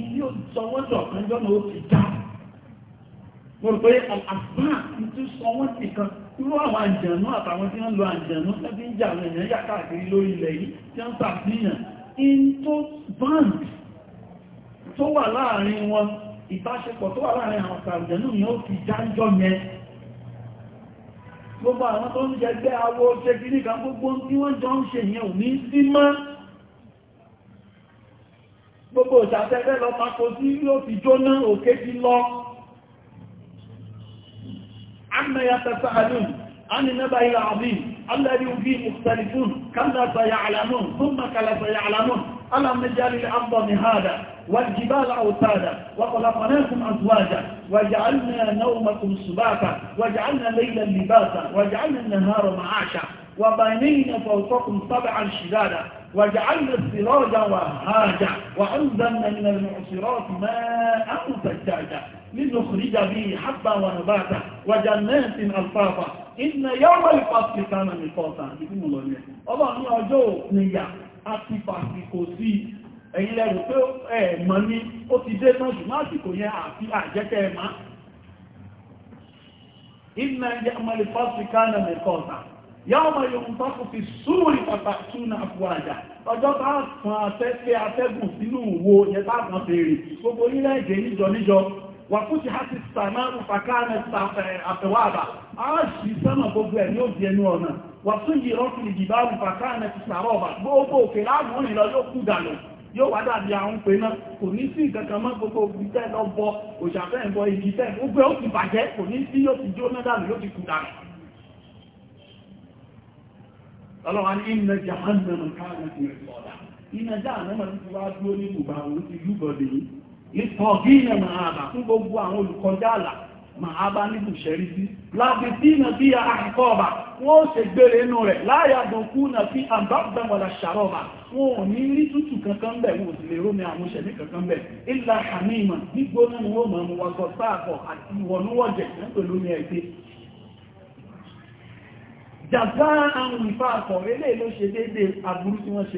mo rò pé àfáà tí sọ wọ́n ti kan irú àwọn àjẹ̀nú àtàwọn tí wọ́n lo àjẹ̀nú tẹ́bí ń jà àwọn èèyàn yà káàkiri lórí ilẹ̀ yìí tí wọ́n sàfihàn in tó band tó wà láàrin wọn ìbáṣepọ̀ tó wà láàrin àwọn àjẹ̀nú ni ó fi jájọ́ yẹn gbogbo àwọn tó ń jẹgbẹ́ awo ṣe kí ní kan gbogbo tí wọ́n jọ ń ṣe yẹn ò ní sí mọ́ gbogbo ìṣàtẹ́fẹ́ lọ pàkó sí yóò fi jóná òkè ti lọ عما يتساءلون عن النبأ العظيم الذي فيه مختلفون كلا سيعلمون ثم كلا سيعلمون ألم نجعل الأرض مهادا والجبال أوتادا وخلقناكم أزواجا وجعلنا نومكم سباتا وجعلنا ليلا لباسا وجعلنا النهار معاشا وبنينا فوقكم سبعا شدادا وجعلنا السراج وهاجا وأنزلنا من المعصرات ماء ثجاجا لنخرج به حبا ونباتا وجنات الفافا ان يوم الفصل كان ميقاتا ti يوم الفصل كان ميقاتا يوم في فتأتون أفواجا ọjọ́ bá fún atẹ́gùn sínú bá wàkútì hàtì sàmà fàkàrẹ àfẹwàbà áàṣì sánà gbogbo ẹ̀ ní òbí ẹnu ọ̀nà wàtún yìí rọ́kìlì dìbà fàkàrẹ ti sàrọ̀bà gbogbo òkè láàrín òrìn lọ yóò kú dànù yóò wá dàbí àwọn pé náà kò ní sí ìkankan mọ́ gbogbo ìgbìtẹ́ lọ bọ òṣàfẹ́ ìbọ ìgbìtẹ́ gbogbo ó ti bàjẹ́ kò ní sí yóò ti jóná ìtọ̀gí ìnà màábà fún gbogbo àwọn olùkọjá àlà màábà níbù ṣẹ̀rí sí láti tí ìnà bí a àkọ́ ọba wọ́n ó ṣe gbére inú rẹ̀ láyàdùn kú nà sí àbábẹ̀wọ̀lá ṣàrọ̀bà wọn ò ní rí tútù kankan bẹ̀ wọn ò sì lè rómi àwọn ṣẹ̀lẹ̀ kankan bẹ̀ ìlà hamima gbígbóná ni wọ́n mọ̀ wọn sọ sáàkọ̀ àti ìwọ̀núwọ̀jẹ̀ pẹ̀lú ní ẹgbẹ́ jàzá àwọn ìfàkọ̀ eléèló ṣe déédéé aburú tí wọ́n ṣe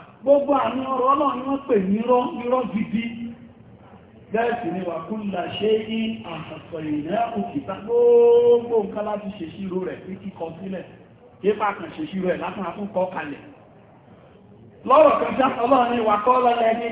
gbogbo àmì ọ̀rọ̀ ọlọ́run ni wọ́n pè ní irọ́ gidi bẹ́ẹ̀sì ni wà kún là ṣe ní àtàtọ̀ ìrìnà òkìta gbogbo nǹkan láti ṣèṣirò rẹ̀ sí kíkọ sílẹ̀ yípa kan ṣèṣirò rẹ̀ látún kọ kalẹ̀ lọ́rọ̀ kan ni wà kọ́ lọ́lẹ́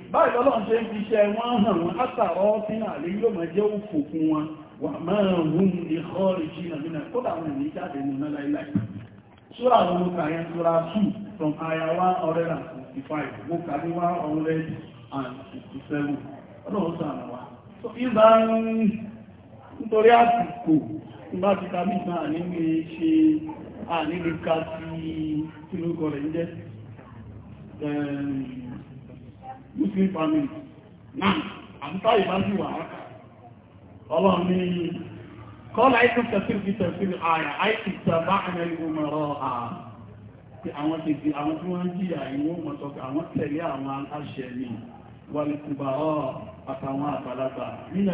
báyìí ọlọ́run ṣe ń fi iṣẹ́ wọn hàn wọn látàrọ sínú àlè yóò máa jẹ́ òfò fún wọn wà máa hùn ní ọ̀rẹ́ sí nàmínà kódà wọn ní jáde nínú láìláì ṣúra àwọn olùkà yẹn ṣúra 2 from aya 165 mo kà ní 167 ọlọ́run sọ àwọn wa so ìgbà nítorí àsìkò ìgbà ti ka mí ìgbà nílé ṣe ànílùkà sí kí ló kọ rẹ̀ Muslim family náà àǹtá ìbájú wà áká ọlọ́run ní kọ́lá ikú tẹ̀sí fi tẹ̀sí ààrẹ àìsí tàbá àmẹ́lú mọ̀rọ̀ àà tí àwọn ti di àwọn tí wọ́n ń jí àìwọ́ mọ̀tọ́ àwọn tẹ̀lé àwọn aṣẹ ọ́ àtàwọn nínú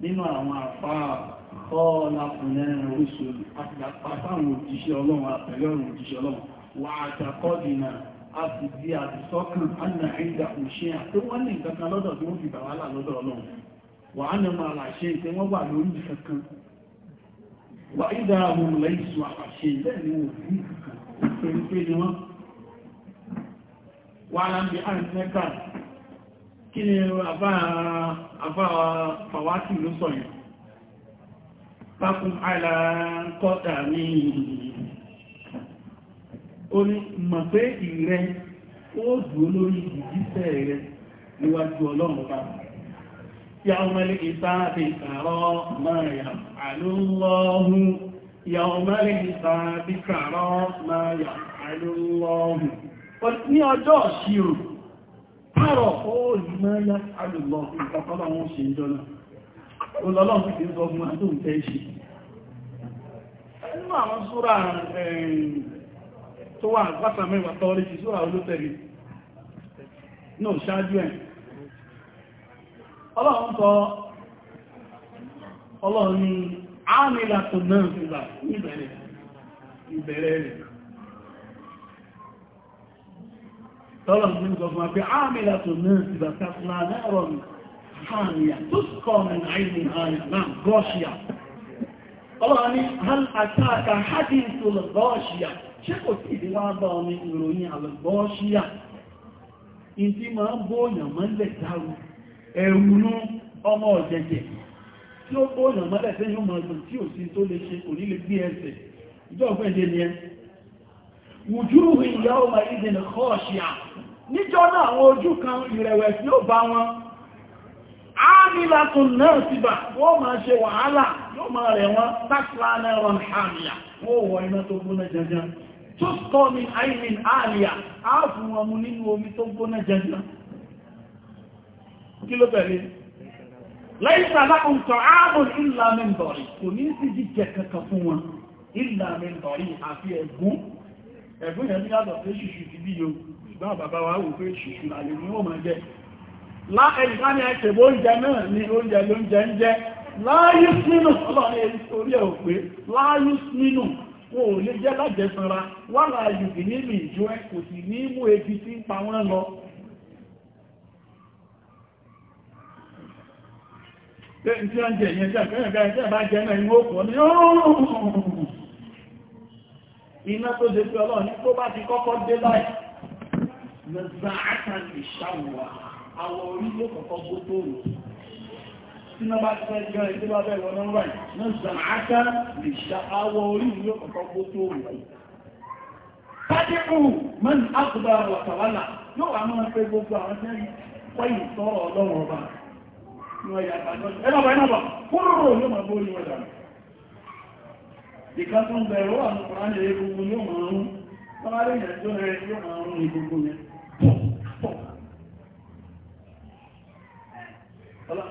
nínú àwọn a sì di àdìsọ́kàn anà ẹ̀dà òṣìyà tó wọ́n ní nǹkan kan lọ́dọ̀ tí wọ́n fi bà wálà lọ́dọ̀ ọlọ́run wà á nà máa làṣẹ ìpé wọ́n wà lórí kankan wà ìdá àwọn lẹ́yìn àṣẹ bẹ́ẹ̀ ni wọ́n fi kankan pé ni wọ́n wà ó ní mọ̀ pé ìrẹ ó dùn lórí ìdíṣẹ́ rẹ níwájú ọlọ́run bá yàwọ̀mẹ́lì ìsáàdì kàrọ̀ mẹ́rin àlúlọ́hùn yàwọ̀mẹ́lì ìsáàdì kàrọ̀ mẹ́rin àlúlọ́hùn ní ọjọ́ ìṣirò pàrọ̀ ó ìmẹ́lá àlúlọ́hùn ìpapọ́lá wọn ṣe ń jọ́nà olọ́lọ́run ti sọ fún àtúntẹ́ ṣe tó wà látà mẹ́wàá tọ́rí ti sóra olótẹ̀lì náà ṣáájú ẹ̀ ọlọ́run sọ ọlọ́run ni áàmìlà tó náà fìgbà ìbẹ̀rẹ̀ rẹ̀ tọ́lọ̀n ní gbogbo àpé áàmìlà náà fìgbà kásìlá ọlọ́run ni hàn àtàkà tó lọ ṣé kò sí ìdí wá bá ọmọ ìròyìn àlùbọ́ṣíà in tí máa bóòyàn mọ́lẹ̀ dáru ẹ̀rùnú ọmọ ọ̀jẹ̀jẹ̀ tí ó bóòyàn mọ́lẹ̀ tẹ́ yóò máa tí ò sí tó lè ṣe kò ní lè gbé ẹsẹ̀ ìjọ́gbẹ́ ìdẹ́ ni ẹ wùjúrù ìyá ọmọ ìdẹ̀ kọ́ọ̀ṣíà níjọ́ náà àwọn ojú kan wọ́n wọ iná tó gbóná jẹjẹrẹ tó kọ́ mi àìrìn àríà áàfù wọn mú nínú omi tó gbóná jẹjọ kí ló tẹ̀lé lẹ́yìnṣà lákùn tọ́ ààbò ìlà mẹ́ndọ̀rí kò ní sí jíjẹ kankan fún wọn ìlà mẹ́ndọ̀rí àfi ẹ̀gún ẹ̀gún yẹn ní yàtọ̀ pé ṣùṣù ti bí yóò ìgbà bàbá wa wò pé ṣùṣù làlè ní ó máa jẹ láẹ̀ká ni ẹ̀ṣẹ̀ bó wọn ò lè jẹ́ lájẹsanra wà láàyè kì ní ìlú ìjọ ẹ kò sì ní mú ebi tí ń pa wọ́n lọ tí a ń jẹ ìyẹn jẹ́ àkẹ́yẹ̀ká ẹ̀jẹ́ bá jẹ́ náà inú òkú ní iná tó jẹ́ pé ọlọ́run ní tó bá ti kọ́kọ́ dé láì lọ́zà átàlì ṣàwọ̀ àwọ̀ orí ló kọ̀kọ́ gbótóòrò tí wọ́n bá ti fẹ́ àwọn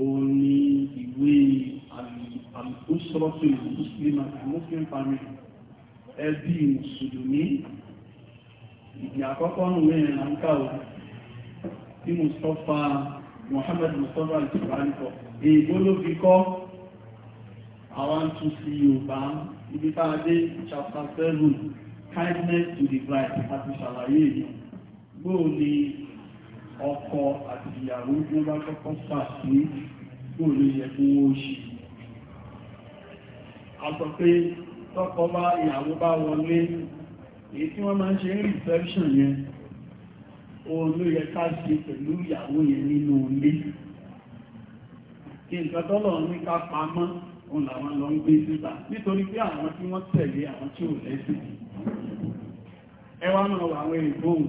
òun ni ìwé àlùkúsọ́rọ́tò muslim àti muslim family ẹbí mùsùlùmí ìdí àkọ́kọ́ mẹ́rin àǹkàwò tí mustapha mohamed mustapha ìtìbánikọ̀ èèbó ló fi kọ́ àwọn tún sí yorùbá ibi táadé chapter 7 kindness to the blind àti ṣàlàyé yìí gbóò ni ọkọ àti ìyàwó tí ó bá kọ́kọ́ pàṣẹ kó lè yẹ fún ó ṣe a sọ pé tọ́kọ bá ìyàwó bá wọlé èyí tí wọ́n máa ń ṣe ní reception yẹn o ló yẹ ká ṣe pẹ̀lú ìyàwó yẹn nínú ilé kí nǹkan tọ́lọ̀ ní ká pamọ́ òun làwọn lọ ń gbé síta nítorí pé àwọn tí wọ́n tẹ̀lé àwọn tí ò lẹ́sìn ẹwà náà wà àwọn èrè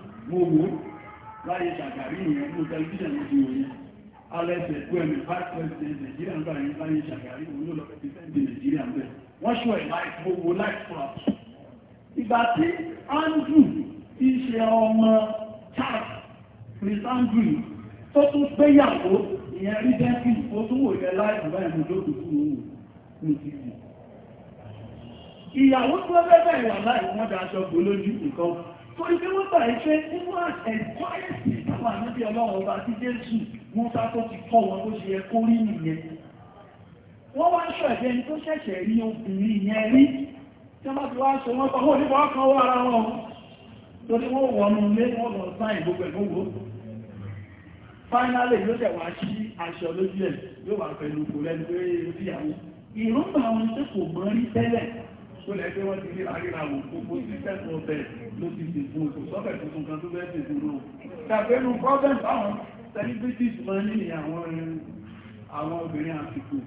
mo wò láyé ṣàkàrí ìyẹn mo tẹlifíṣàn mo ti wò yẹn alẹ́sẹ̀ kú ẹ̀mí five president Nàìjíríà ń bá yẹn láyé ṣàkàrí olóòlò president Nàìjíríà ń bẹ̀ wọ́n ṣọ ẹ̀ láì mo wò láì fúra ìgbà tí Andrew ti ṣe ọmọ Charles Prince Andrew ìyẹn rí dẹ́kì ó tún wò yẹ láì fúra fún òun ní ti ìyàwó tó bẹ́ẹ̀ wà láì wọ́n dáṣọ gbólójú nǹkan torí pé wọ́n gbà ṣe nínú ẹ̀kọ́ ẹ̀sìn táwọn àmọ́bí ọlọ́run ọba tí jésù mú sákó ti kọ́ wọn tó ṣe yẹ kó rí nìyẹn wọ́n wá ṣọ ẹ̀jẹ̀ ní tó ṣẹ̀ṣẹ̀ rí obìnrin yẹn rí tí wọ́n bá ti wá ṣe wọ́n pa wọ́n nípa ọkàn wọ́n ara wọn torí wọ́n wọnú ilé wọ́n lọ sá ìbò pẹ̀lú owó fáínálì ló tẹ̀ sí aṣọ lójú ẹ̀ yóò wà pẹ̀lú kò lẹ́nu pé ó ti yàwó ìrúbà wọn tó kò mọ́ rí tẹ́lẹ̀ tó lẹ́ pé wọ́n ti rí àríra wò gbogbo sí tẹ́sán ọbẹ̀ ló ti ṣe fún oṣù sọ́bẹ̀ tuntun kan tó bẹ́ẹ̀ ṣe dúró. ṣàfẹ́nu problem báwọn celebrities máa ní àwọn àwọn obìnrin àsìkò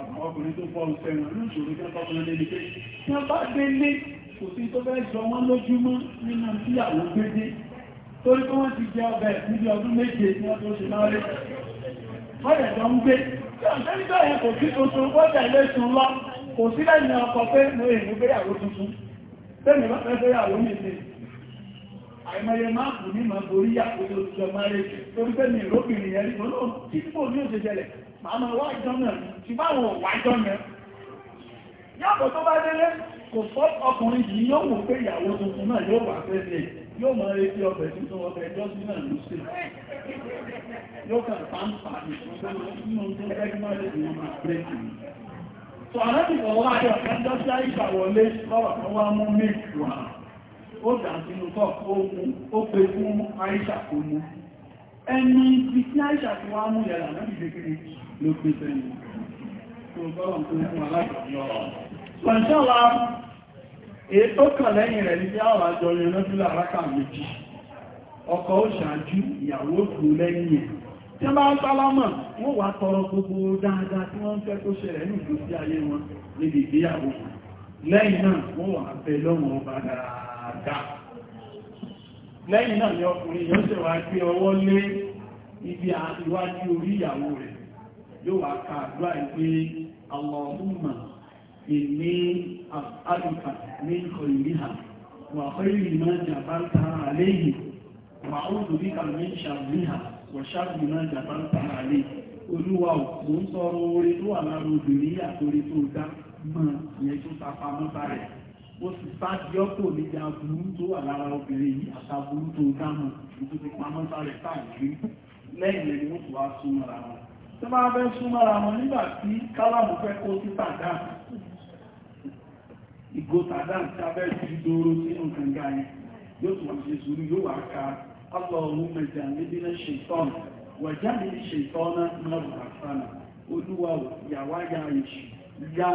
àwọn ọkùnrin tó fọ́ ọ̀sẹ̀ wọn ní ìṣòro tó tọ́kùnrin lé ní pé tí wọ́n bá délé kò sí tó fẹ́ jọ wọ́n lójúmọ́ nínú tíyàwó gbédé torí kí wọ́n ti jẹ ọbẹ̀ níbi ọdún méje tí wọ́n tó ṣe náà lé wọ́n dẹ̀ jọ ń gbé tí ọ̀sẹ̀ nígbà yẹn kò sí tuntun wọ́n tẹ̀lé sùn lọ kò sí lẹ́yìn ọkọ pé mo èyí tuntun tẹ́mi bá fẹ́ gbéyàwó mi sí àìmọye máa kù ní ma borí àkójọ ìjọ máa rẹ̀ torí tẹ́mi ìrókìnrin yẹn rí tí ní òṣè jẹlẹ̀ màá ma wá ìjọ náà bá wọn wá ìjọ náà yàtọ̀ tó bá délé kò fọ́ ọkùnrin yìí yóò pé ìyàwó tuntun náà yóò wà fẹ́ sí yóò máa ọbẹ̀ tuntun tó arábìnrin ọwọ́ ayọ̀ ẹjọ́ sí àìsà wọlé lọ́wọ́ tó wá mú méjì wà ó dà sínú kọ́ ó pe fún àìsà kò mú ẹni ibi tí àìsà tó wá mú yẹ̀lá náà ìgbékiri ló pé sẹ́yìn tó gbọ́rọ̀ tó fún aláìsà ní ọ̀rọ̀ ètò kan lẹ́yìn rẹ̀ ní bí àwọn àjọ yẹn lọ́dún lára kà méjì ọkọ ó ṣáájú ìyàwó kù lẹ́yìn tí wọ́n bá ń sálámà wọ́n wà tọrọ gbogbo dáadáa tí wọ́n ń fẹ́ kó ṣẹlẹ̀ ní ìgbésí ayé wọn níbi ìgbéyàwó lẹ́yìn náà wọ́n wà bẹ lọ́wọ́n ọba dáadáa lẹ́yìn náà ni ọkùnrin yóò ṣe wá gbé ọwọ́ lé ibi ìwájú orí ìyàwó rẹ̀ yóò wá Allahumma inni as'aluka min khayriha wa khayri ma jabalta wa a'udhu min sharriha wọ̀ṣáàbù náà jàpá ń tàrà lè olúwa ò mò ń tọrọ oore tó wà lára obìnrin àtòrí tó dá mọ̀ ìyẹn tó tapá mọ́ta rẹ̀ ó sì sáájú ọ̀pọ̀ níbi aburú tó wà lára obìnrin yìí àtàburú tó dá mọ̀ tó ti pa mọ́ta rẹ̀ káàkiri lẹ́yìn rẹ̀ ni wọ́n tó wá súnmọ́ra wọn tó bá fẹ́ súnmọ́ra wọn nígbà tí kálàmù fẹ́ kó sí tàdá ìgò tàdá ìtàbẹ́ ti dóró sínú kànga yóò tún wọ́n ṣe sùúrù yóò wá ká اللهم جانبنا الشيطان وجانب الشيطان مرة سنة olúwa yàwá ya èṣù ya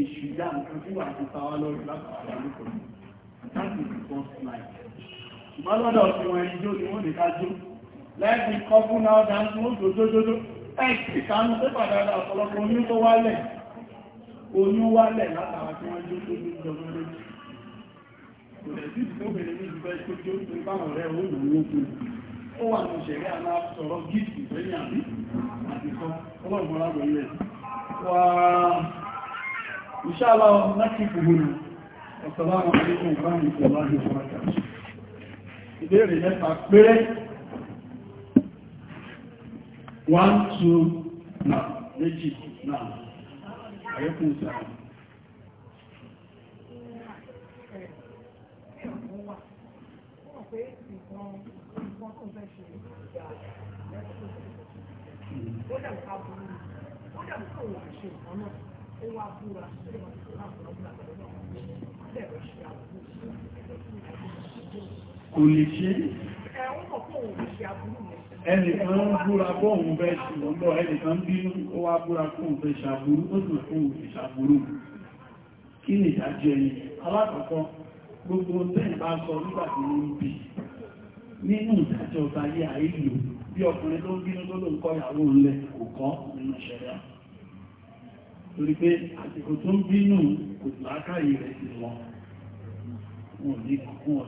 èṣù ya nǹkan tí wà ti tàwà lọ́rọ̀ látàrí àlùkò that is the first line ṣùgbọ́n lọ́dọ̀ tí wọ́n ẹni jó ni wọ́n lè ká jó lẹ́gbìn kọ́kún náà dáńtí wọ́n tó jójójó ẹ̀kì kánú tó pàdánù ọ̀pọ̀lọpọ̀ oyún tó tí wọ́n jó tó jójó ó wà ní ìṣẹ̀rí aláàtọ̀rọ̀ gíìsì lẹ́yìn àbí àtìkọ́ ọlọ́gbọ̀n lágbọ̀n ilẹ̀ wà ìṣàlá láti fòhùnà ọ̀sọ̀lára àríkùn ìbáyìí ìpọ̀láyìí fọ́nàkà ìbéèrè mẹ́ta péré 1 2 náà méjì náà àyẹ́kùn ìsàrùn ó dà nǹkan burú ó dà nǹkan òun àṣẹ nǹkan náà ó wá búra ó lè máa tó láàbùrọ̀ búra pẹ̀lú àwọn ọmọ ilé ẹ̀rọ ṣe àbúrò kò lè ṣe ẹnìkan ń búra bọ́ òun fẹ́ ṣùgbọ́ ẹnìkan bínú ó wá búra kó òun fẹ́ ṣàbúrú ó tún fún òun ṣàbúrú kí ni ìdájọ́ ẹni alákọ̀ọ́kọ́ gbogbo tẹ́ẹ̀ bá sọ nígbàtí ó ń bí nínú ìdájọ́ ọba yẹ́ àìlò bí ọkùnrin tó ń bínú tó ló ń kọ́ ìyàwó ńlẹ̀ kò kọ́ nínú ṣẹ̀dá torí pé àsìkò tó ń bínú kò láákàyè rẹ̀ sí wọn wọn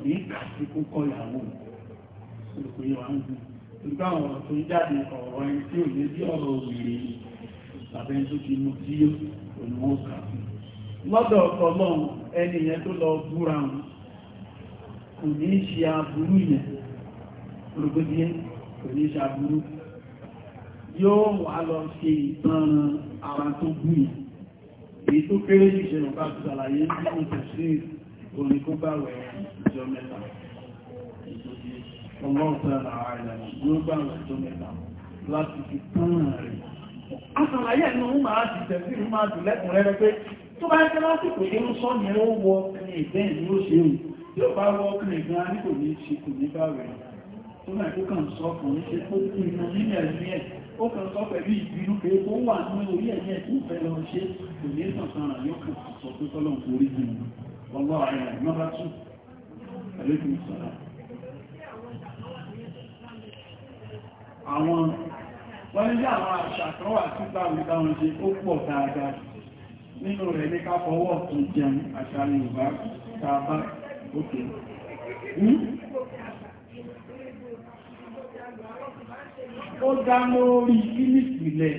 ní kàṣí kó ìyàwó olùkòyè ẹni yẹn tó lọ búra wọn kò ní ṣe aburú yẹn olùgbé kò ní ṣàbúrú yóò wà lọ ṣe ìtàn ara tó gùn èyí tó kéré jù ṣe lọ́pàá tó ṣàlàyé nínú tẹ̀sí òní kó bá wẹ̀ ìjọ mẹ́ta ọlọ́ọ̀tẹ́lá ààrẹ yóò bá wẹ̀ ìjọ mẹ́ta láti fi tán rẹ̀ àṣàlàyé ẹ̀nà ó máa ti tẹ̀sí ìlú máa dùn lẹ́kùnrẹ́rẹ́ pé tó bá jẹ́ lásìkò inú sọ́ni ó wọ ọkùnrin ìbẹ́ẹ̀ ni ó ṣe òun yóò bá wọ ọkùnrin gan-an ní kò ní ṣe kò ní bá wẹ̀ tó pẹ̀lú àwọn wọ́n tí táwọn ìbáwọn ṣe ó pọ̀ dáadáa nínú rẹ̀ ní ká fọwọ́ ọ̀tún jẹun àṣà Yorùbá tàbá òkè hmm? ó dá lórí kínípìlẹ̀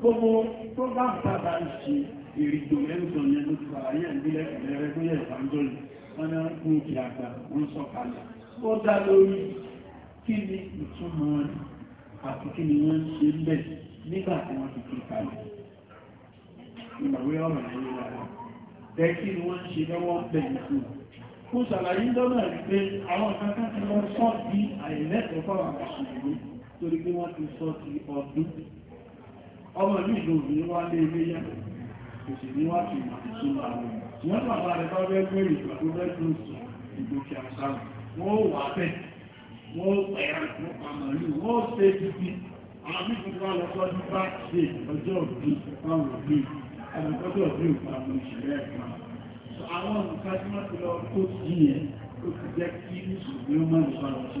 gbogbo tó bá ń padà ṣe ìrìgbò ẹ̀rùsàn yẹn ló ti wà ayé ìbílẹ̀ ìbẹ̀rẹ̀ tó yẹ ìfàndọ́lù wọn náà kún òkè àgbà wọn sọ kalẹ̀ ó dá lórí kí ni ìtumọ̀ rẹ̀ àti kí ni wọ́n ṣe ń bẹ̀ nígbà tí wọ́n ti kí kalẹ̀ ìgbàwé ọ̀rọ̀ ayé wa rẹ̀ kí ni wọ́n ṣe lọ́wọ́ bẹ̀rẹ̀ fún un mo ṣàlàyé lọ́nà rí pé àwọn kankan ti lọ sọ́ọ̀bí àìlẹ́tọ̀ọ́ fáwọn torí pé wọ́n ti sọ ti ọdún ọmọ ìlú ìlú òní wá lé ilé yá kò sì ní wá sí ìmọ̀tí láàrin wọ́n bàbá rẹ̀ bá bẹ́ gbẹ̀rẹ̀ ìgbàgbó bẹ́ gbòòsì ìgbòkè àṣàrò wọ́n ó wà bẹ́ wọ́n ó pẹ̀rẹ̀ wọ́n pàmọ̀ ìlú wọ́n ó ṣe títí àwọn bí tuntun wá lọ sọ́dún bá ṣe ọjọ́ òbí báwọn òbí ẹnìkọ́jọ́ òbí òpàmọ̀ ìṣẹ̀lẹ̀ ẹ̀kan àwọn nǹkan tí wọ́n ti lọ kó sí yẹn ó ti jẹ́ kí ìṣògbé ó má lè bá wọn ṣe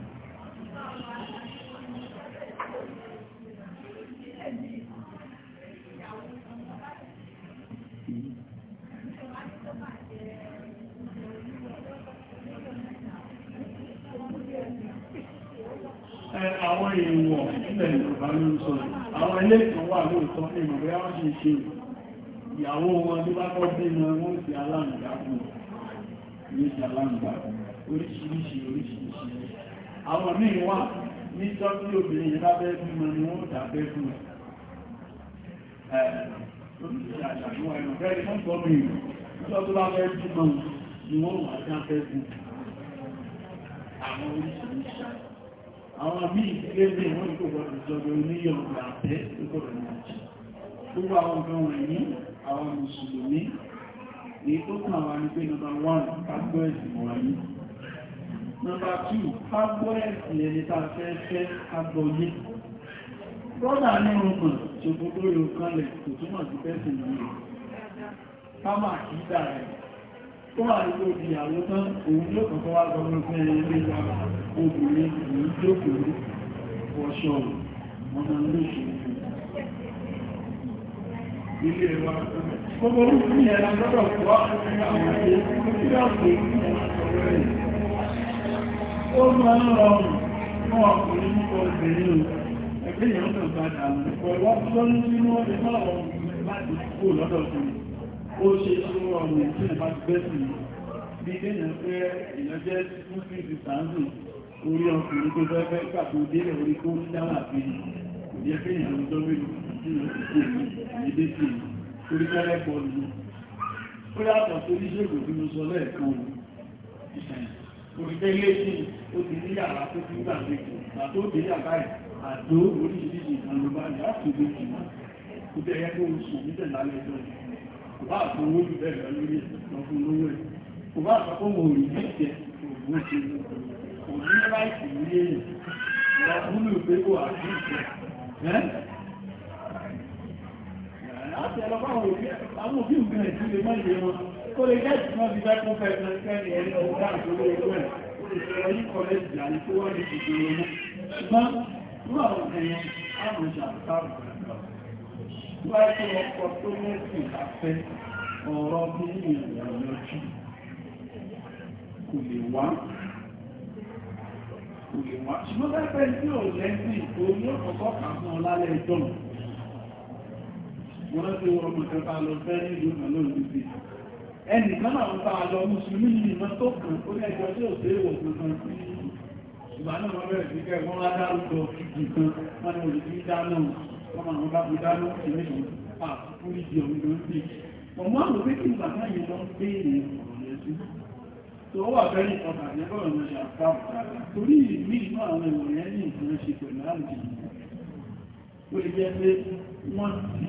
àwọn èèwọ̀ ilẹ̀ Yorùbá ló ń àwọn ilé ìkan wà lóòótọ́ ní ìmọ̀ bóyá wọ́n ṣe ṣe ìyàwó wọn ní bá kọ́ bí wọn wọ́n ti aláǹgbàkùn ní ti aláǹgbàkùn wà ní tọ́jú fún àwọn oríṣiríṣi àwọn míì ilé ní wọ́n ní kò gbọ́dọ̀ ìjọba oníyọ̀nà àtẹ́ tó gbọ́dọ̀ ní àjẹ́ gbogbo àwọn nǹkan wọ̀nyí àwọn mùsùlùmí èyí tó kàn wá ní pé nọ́mbà 1 kágbọ́ ẹ̀sìn wọ̀nyí nọ́mbà 2 kágbọ́ ẹ̀sìn ẹni tá fẹ́ fẹ́ kágbọ́ yé brọ́dà ní ọmọ ṣòfò lórí ọkànlẹ̀ kò túmọ̀ sí fẹ́sìn yìí ká máa kìí dà rẹ̀ tó wà ní òbí ìyàwó tán òun ló kọ̀kọ́ wá gbọmọ fún ẹni lé wa obìnrin ìlú jókòó wọ́ṣọ́ ọmọ lóṣù ilé wa gbogbo orúkú ní ẹ̀rọ lọ́dọ̀ fún wa fún àwọn ẹgbẹ́ tí ó ọ̀rọ̀ ó ṣe tí wọ́n rọrùn tí ẹ̀bá ti bẹ́sì bí dẹ́nà pé ìlọ́jẹ́ muslim ti sàánù orí ọkùnrin tó fẹ́ fẹ́ pàtó délẹ̀ orí tó ń dáwà sí ìdíẹ́ pé ìyàwó dọ́wé tí wọ́n ti kó ìdé sí orí tẹ́lẹ̀ pọ̀ nù. ó yàtọ̀ tó ní ṣègùn tí mo sọ lẹ́ẹ̀kan òṣìṣẹ́ ilé sí ó ti ní yàrá tó ti gbà lẹ́kọ̀ọ́ àtó òdè yàrá ẹ̀ àtó oríṣiríṣi ìkànnì bá yàrá tó lè jù mọ́ kó tẹ́yẹ kó oṣù níbẹ̀ lálẹ́ ìjọba kò bá àpò owó jù bẹ́ẹ̀ lọ lórí ẹ̀sán fún lówó ẹ̀ kò bá àpapọ̀ mọ̀ òrì bí ìjẹ òwò ṣe kò ní láìsí ní èyàn lọ múlò pé kò àbí ìjẹ ẹ́ láti ẹlọ́pàá àwọn òbí nǹkan ìdílé mọ́ ìdè wọn kó lè jẹ́ ìtumọ̀ bí bá kún fẹ́ẹ́ fẹ́ẹ́ fẹ́ẹ́ ní ẹni ọ̀hún dáàbò lórí ẹgbẹ́ ẹ̀ kó lè fẹ́ẹ́ Láti ọkọ̀ tó mẹ́sìn àfẹ́ ọ̀rọ̀ bí i ìrọ̀lọ́jú kò lè wá. Kò lè wá. Ṣùgbọ́n lápẹ́ tí ò lẹ́sìn tó ní ọ̀kọ̀kọ́ kàfún ọlálẹ́ ìjọ́nà. Wọ́n ti wọ́n mọ̀ kẹta lọ fẹ́ nílùú kan lóòrùn ti fi. Ẹnì kan náà ń ta àlọ́ Mùsùlùmí ní ìmọ̀ tó kàn ó ní ẹjọ́ tí ò sí èèwọ̀ tuntun sí ìgbà náà wọ́n bẹ̀rẹ̀ sí kẹ́ wọ́n á dárúkọ ìgbìkan wọ́n ni òṣìṣẹ́ dáná wọ́n máa ń bá mi dáná ìwé yìí à orí di ọ̀rọ̀ ìdúró sí ọmọ àwọn pé kí n bàbá yìí lọ béèrè ọ̀rọ̀ yẹn sí tó wà bẹ́ẹ̀ ọkà yẹn bọ̀rọ̀ lọ ṣe àpá torí ìlú inú àwọn ìwọ̀n yẹn ní nǹkan ṣe pẹ̀lú àrùn ó lè jẹ́ pé wọ́n ti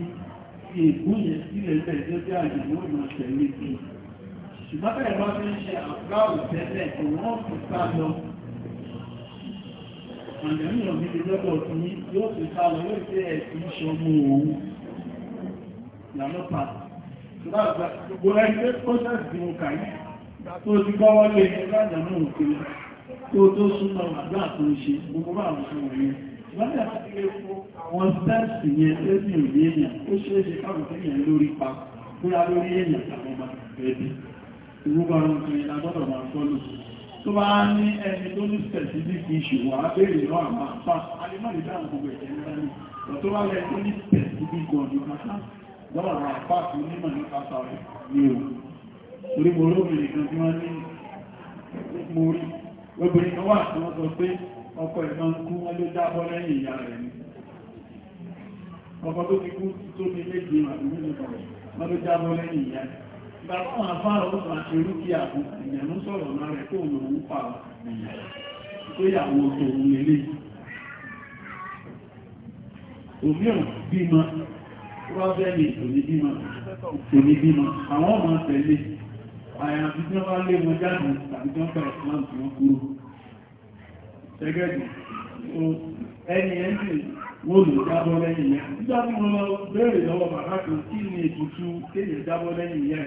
fi ègún yẹn sílẹ̀ e. bẹ́ẹ̀ gẹ́gẹ́ àjò wọn máa fi ń ṣe àpá òtẹ́lẹ̀ òun ó fi sá lọ àjẹ́mìnà bí i lọ́pọ̀ tí yóò fi ká lọ yóò fi ẹ̀sì ìṣọ́mú òun lọ́lọ́pàá gbogbo ẹgbẹ́ pọ́sẹ̀sì tí mo kà ní tó ti gbọ́wọ́ lé ẹgbẹ́ àjẹ́mù òkè tó tó súnmọ́ àgbà tó ń ṣe gbogbo àwọn ọmọ yẹn lọ́dẹ̀ láti lè fún àwọn sẹ́ẹ̀sì yẹn lẹ́sìn òní èèyàn ó ṣeé ṣe káàkùn fún èèyàn lórí pa bóyá lórí èèyàn àtàwọn ọmọ ẹbí ìwúgbọ́n ọmọ ìlàgbọ́dọ̀ máa ń tó bá ní ẹni tó ní specific issue wà bèèrè lọ àwọn àpá alẹ́mọ̀lì o orí mo lóbi nìkan tí wọ́n ní mo rí obìnrin kan wà tí wọ́n sọ pé ọkọ ìmọ̀ ń kú wọ́n ló dábọ́ lẹ́yìn ìyá rẹ̀ ni ọkọ tó ti kú tó ní méje àbúrú nìkan wọ́n ló dábọ́ lẹ́yìn ìyá Bàbáwọn afárọ̀ ó sọ àti irú kí àbò ìyànú sọ̀rọ̀ náà rẹ̀ tó lò ń pa ìyàn tó yàwó tòun lélẹ̀. Òmíràn bímọ, rọ́bẹ́lì oníbímọ, oníbímọ, àwọn ọmọ tẹ̀lé, àyàfi tí wọ́n lé wọn jáde tàbí tí wọ́n fẹ̀rẹ̀ lẹ́yìn yẹn. Nígbà tí mo lọ bẹ̀rẹ̀ lọ́wọ́ bàbá kan kí ni ètùtù kéèyàn jábọ́ lẹ́yìn yẹn.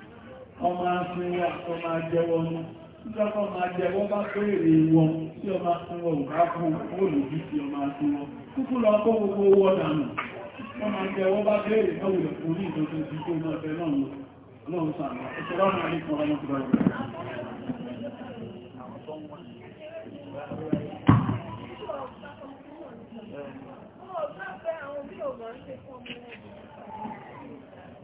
ọmọ asínwà ọmọ ajẹwọ́ ní ìjọba ọmọ ajẹwọ́ bá pèrè wọn tí ọmọ asínwà ò bá kú olùbí ti ọmọ asínwà kúkú lọ kó gbogbo owó dànù ọmọ ajẹwọ́ bá pèrè náà wùlẹ̀ fún ní ìjọba ti kó náà fẹ́ náà lọ́wọ́ sàmà ìṣẹ́lá máa ní kan ọmọ Thank you.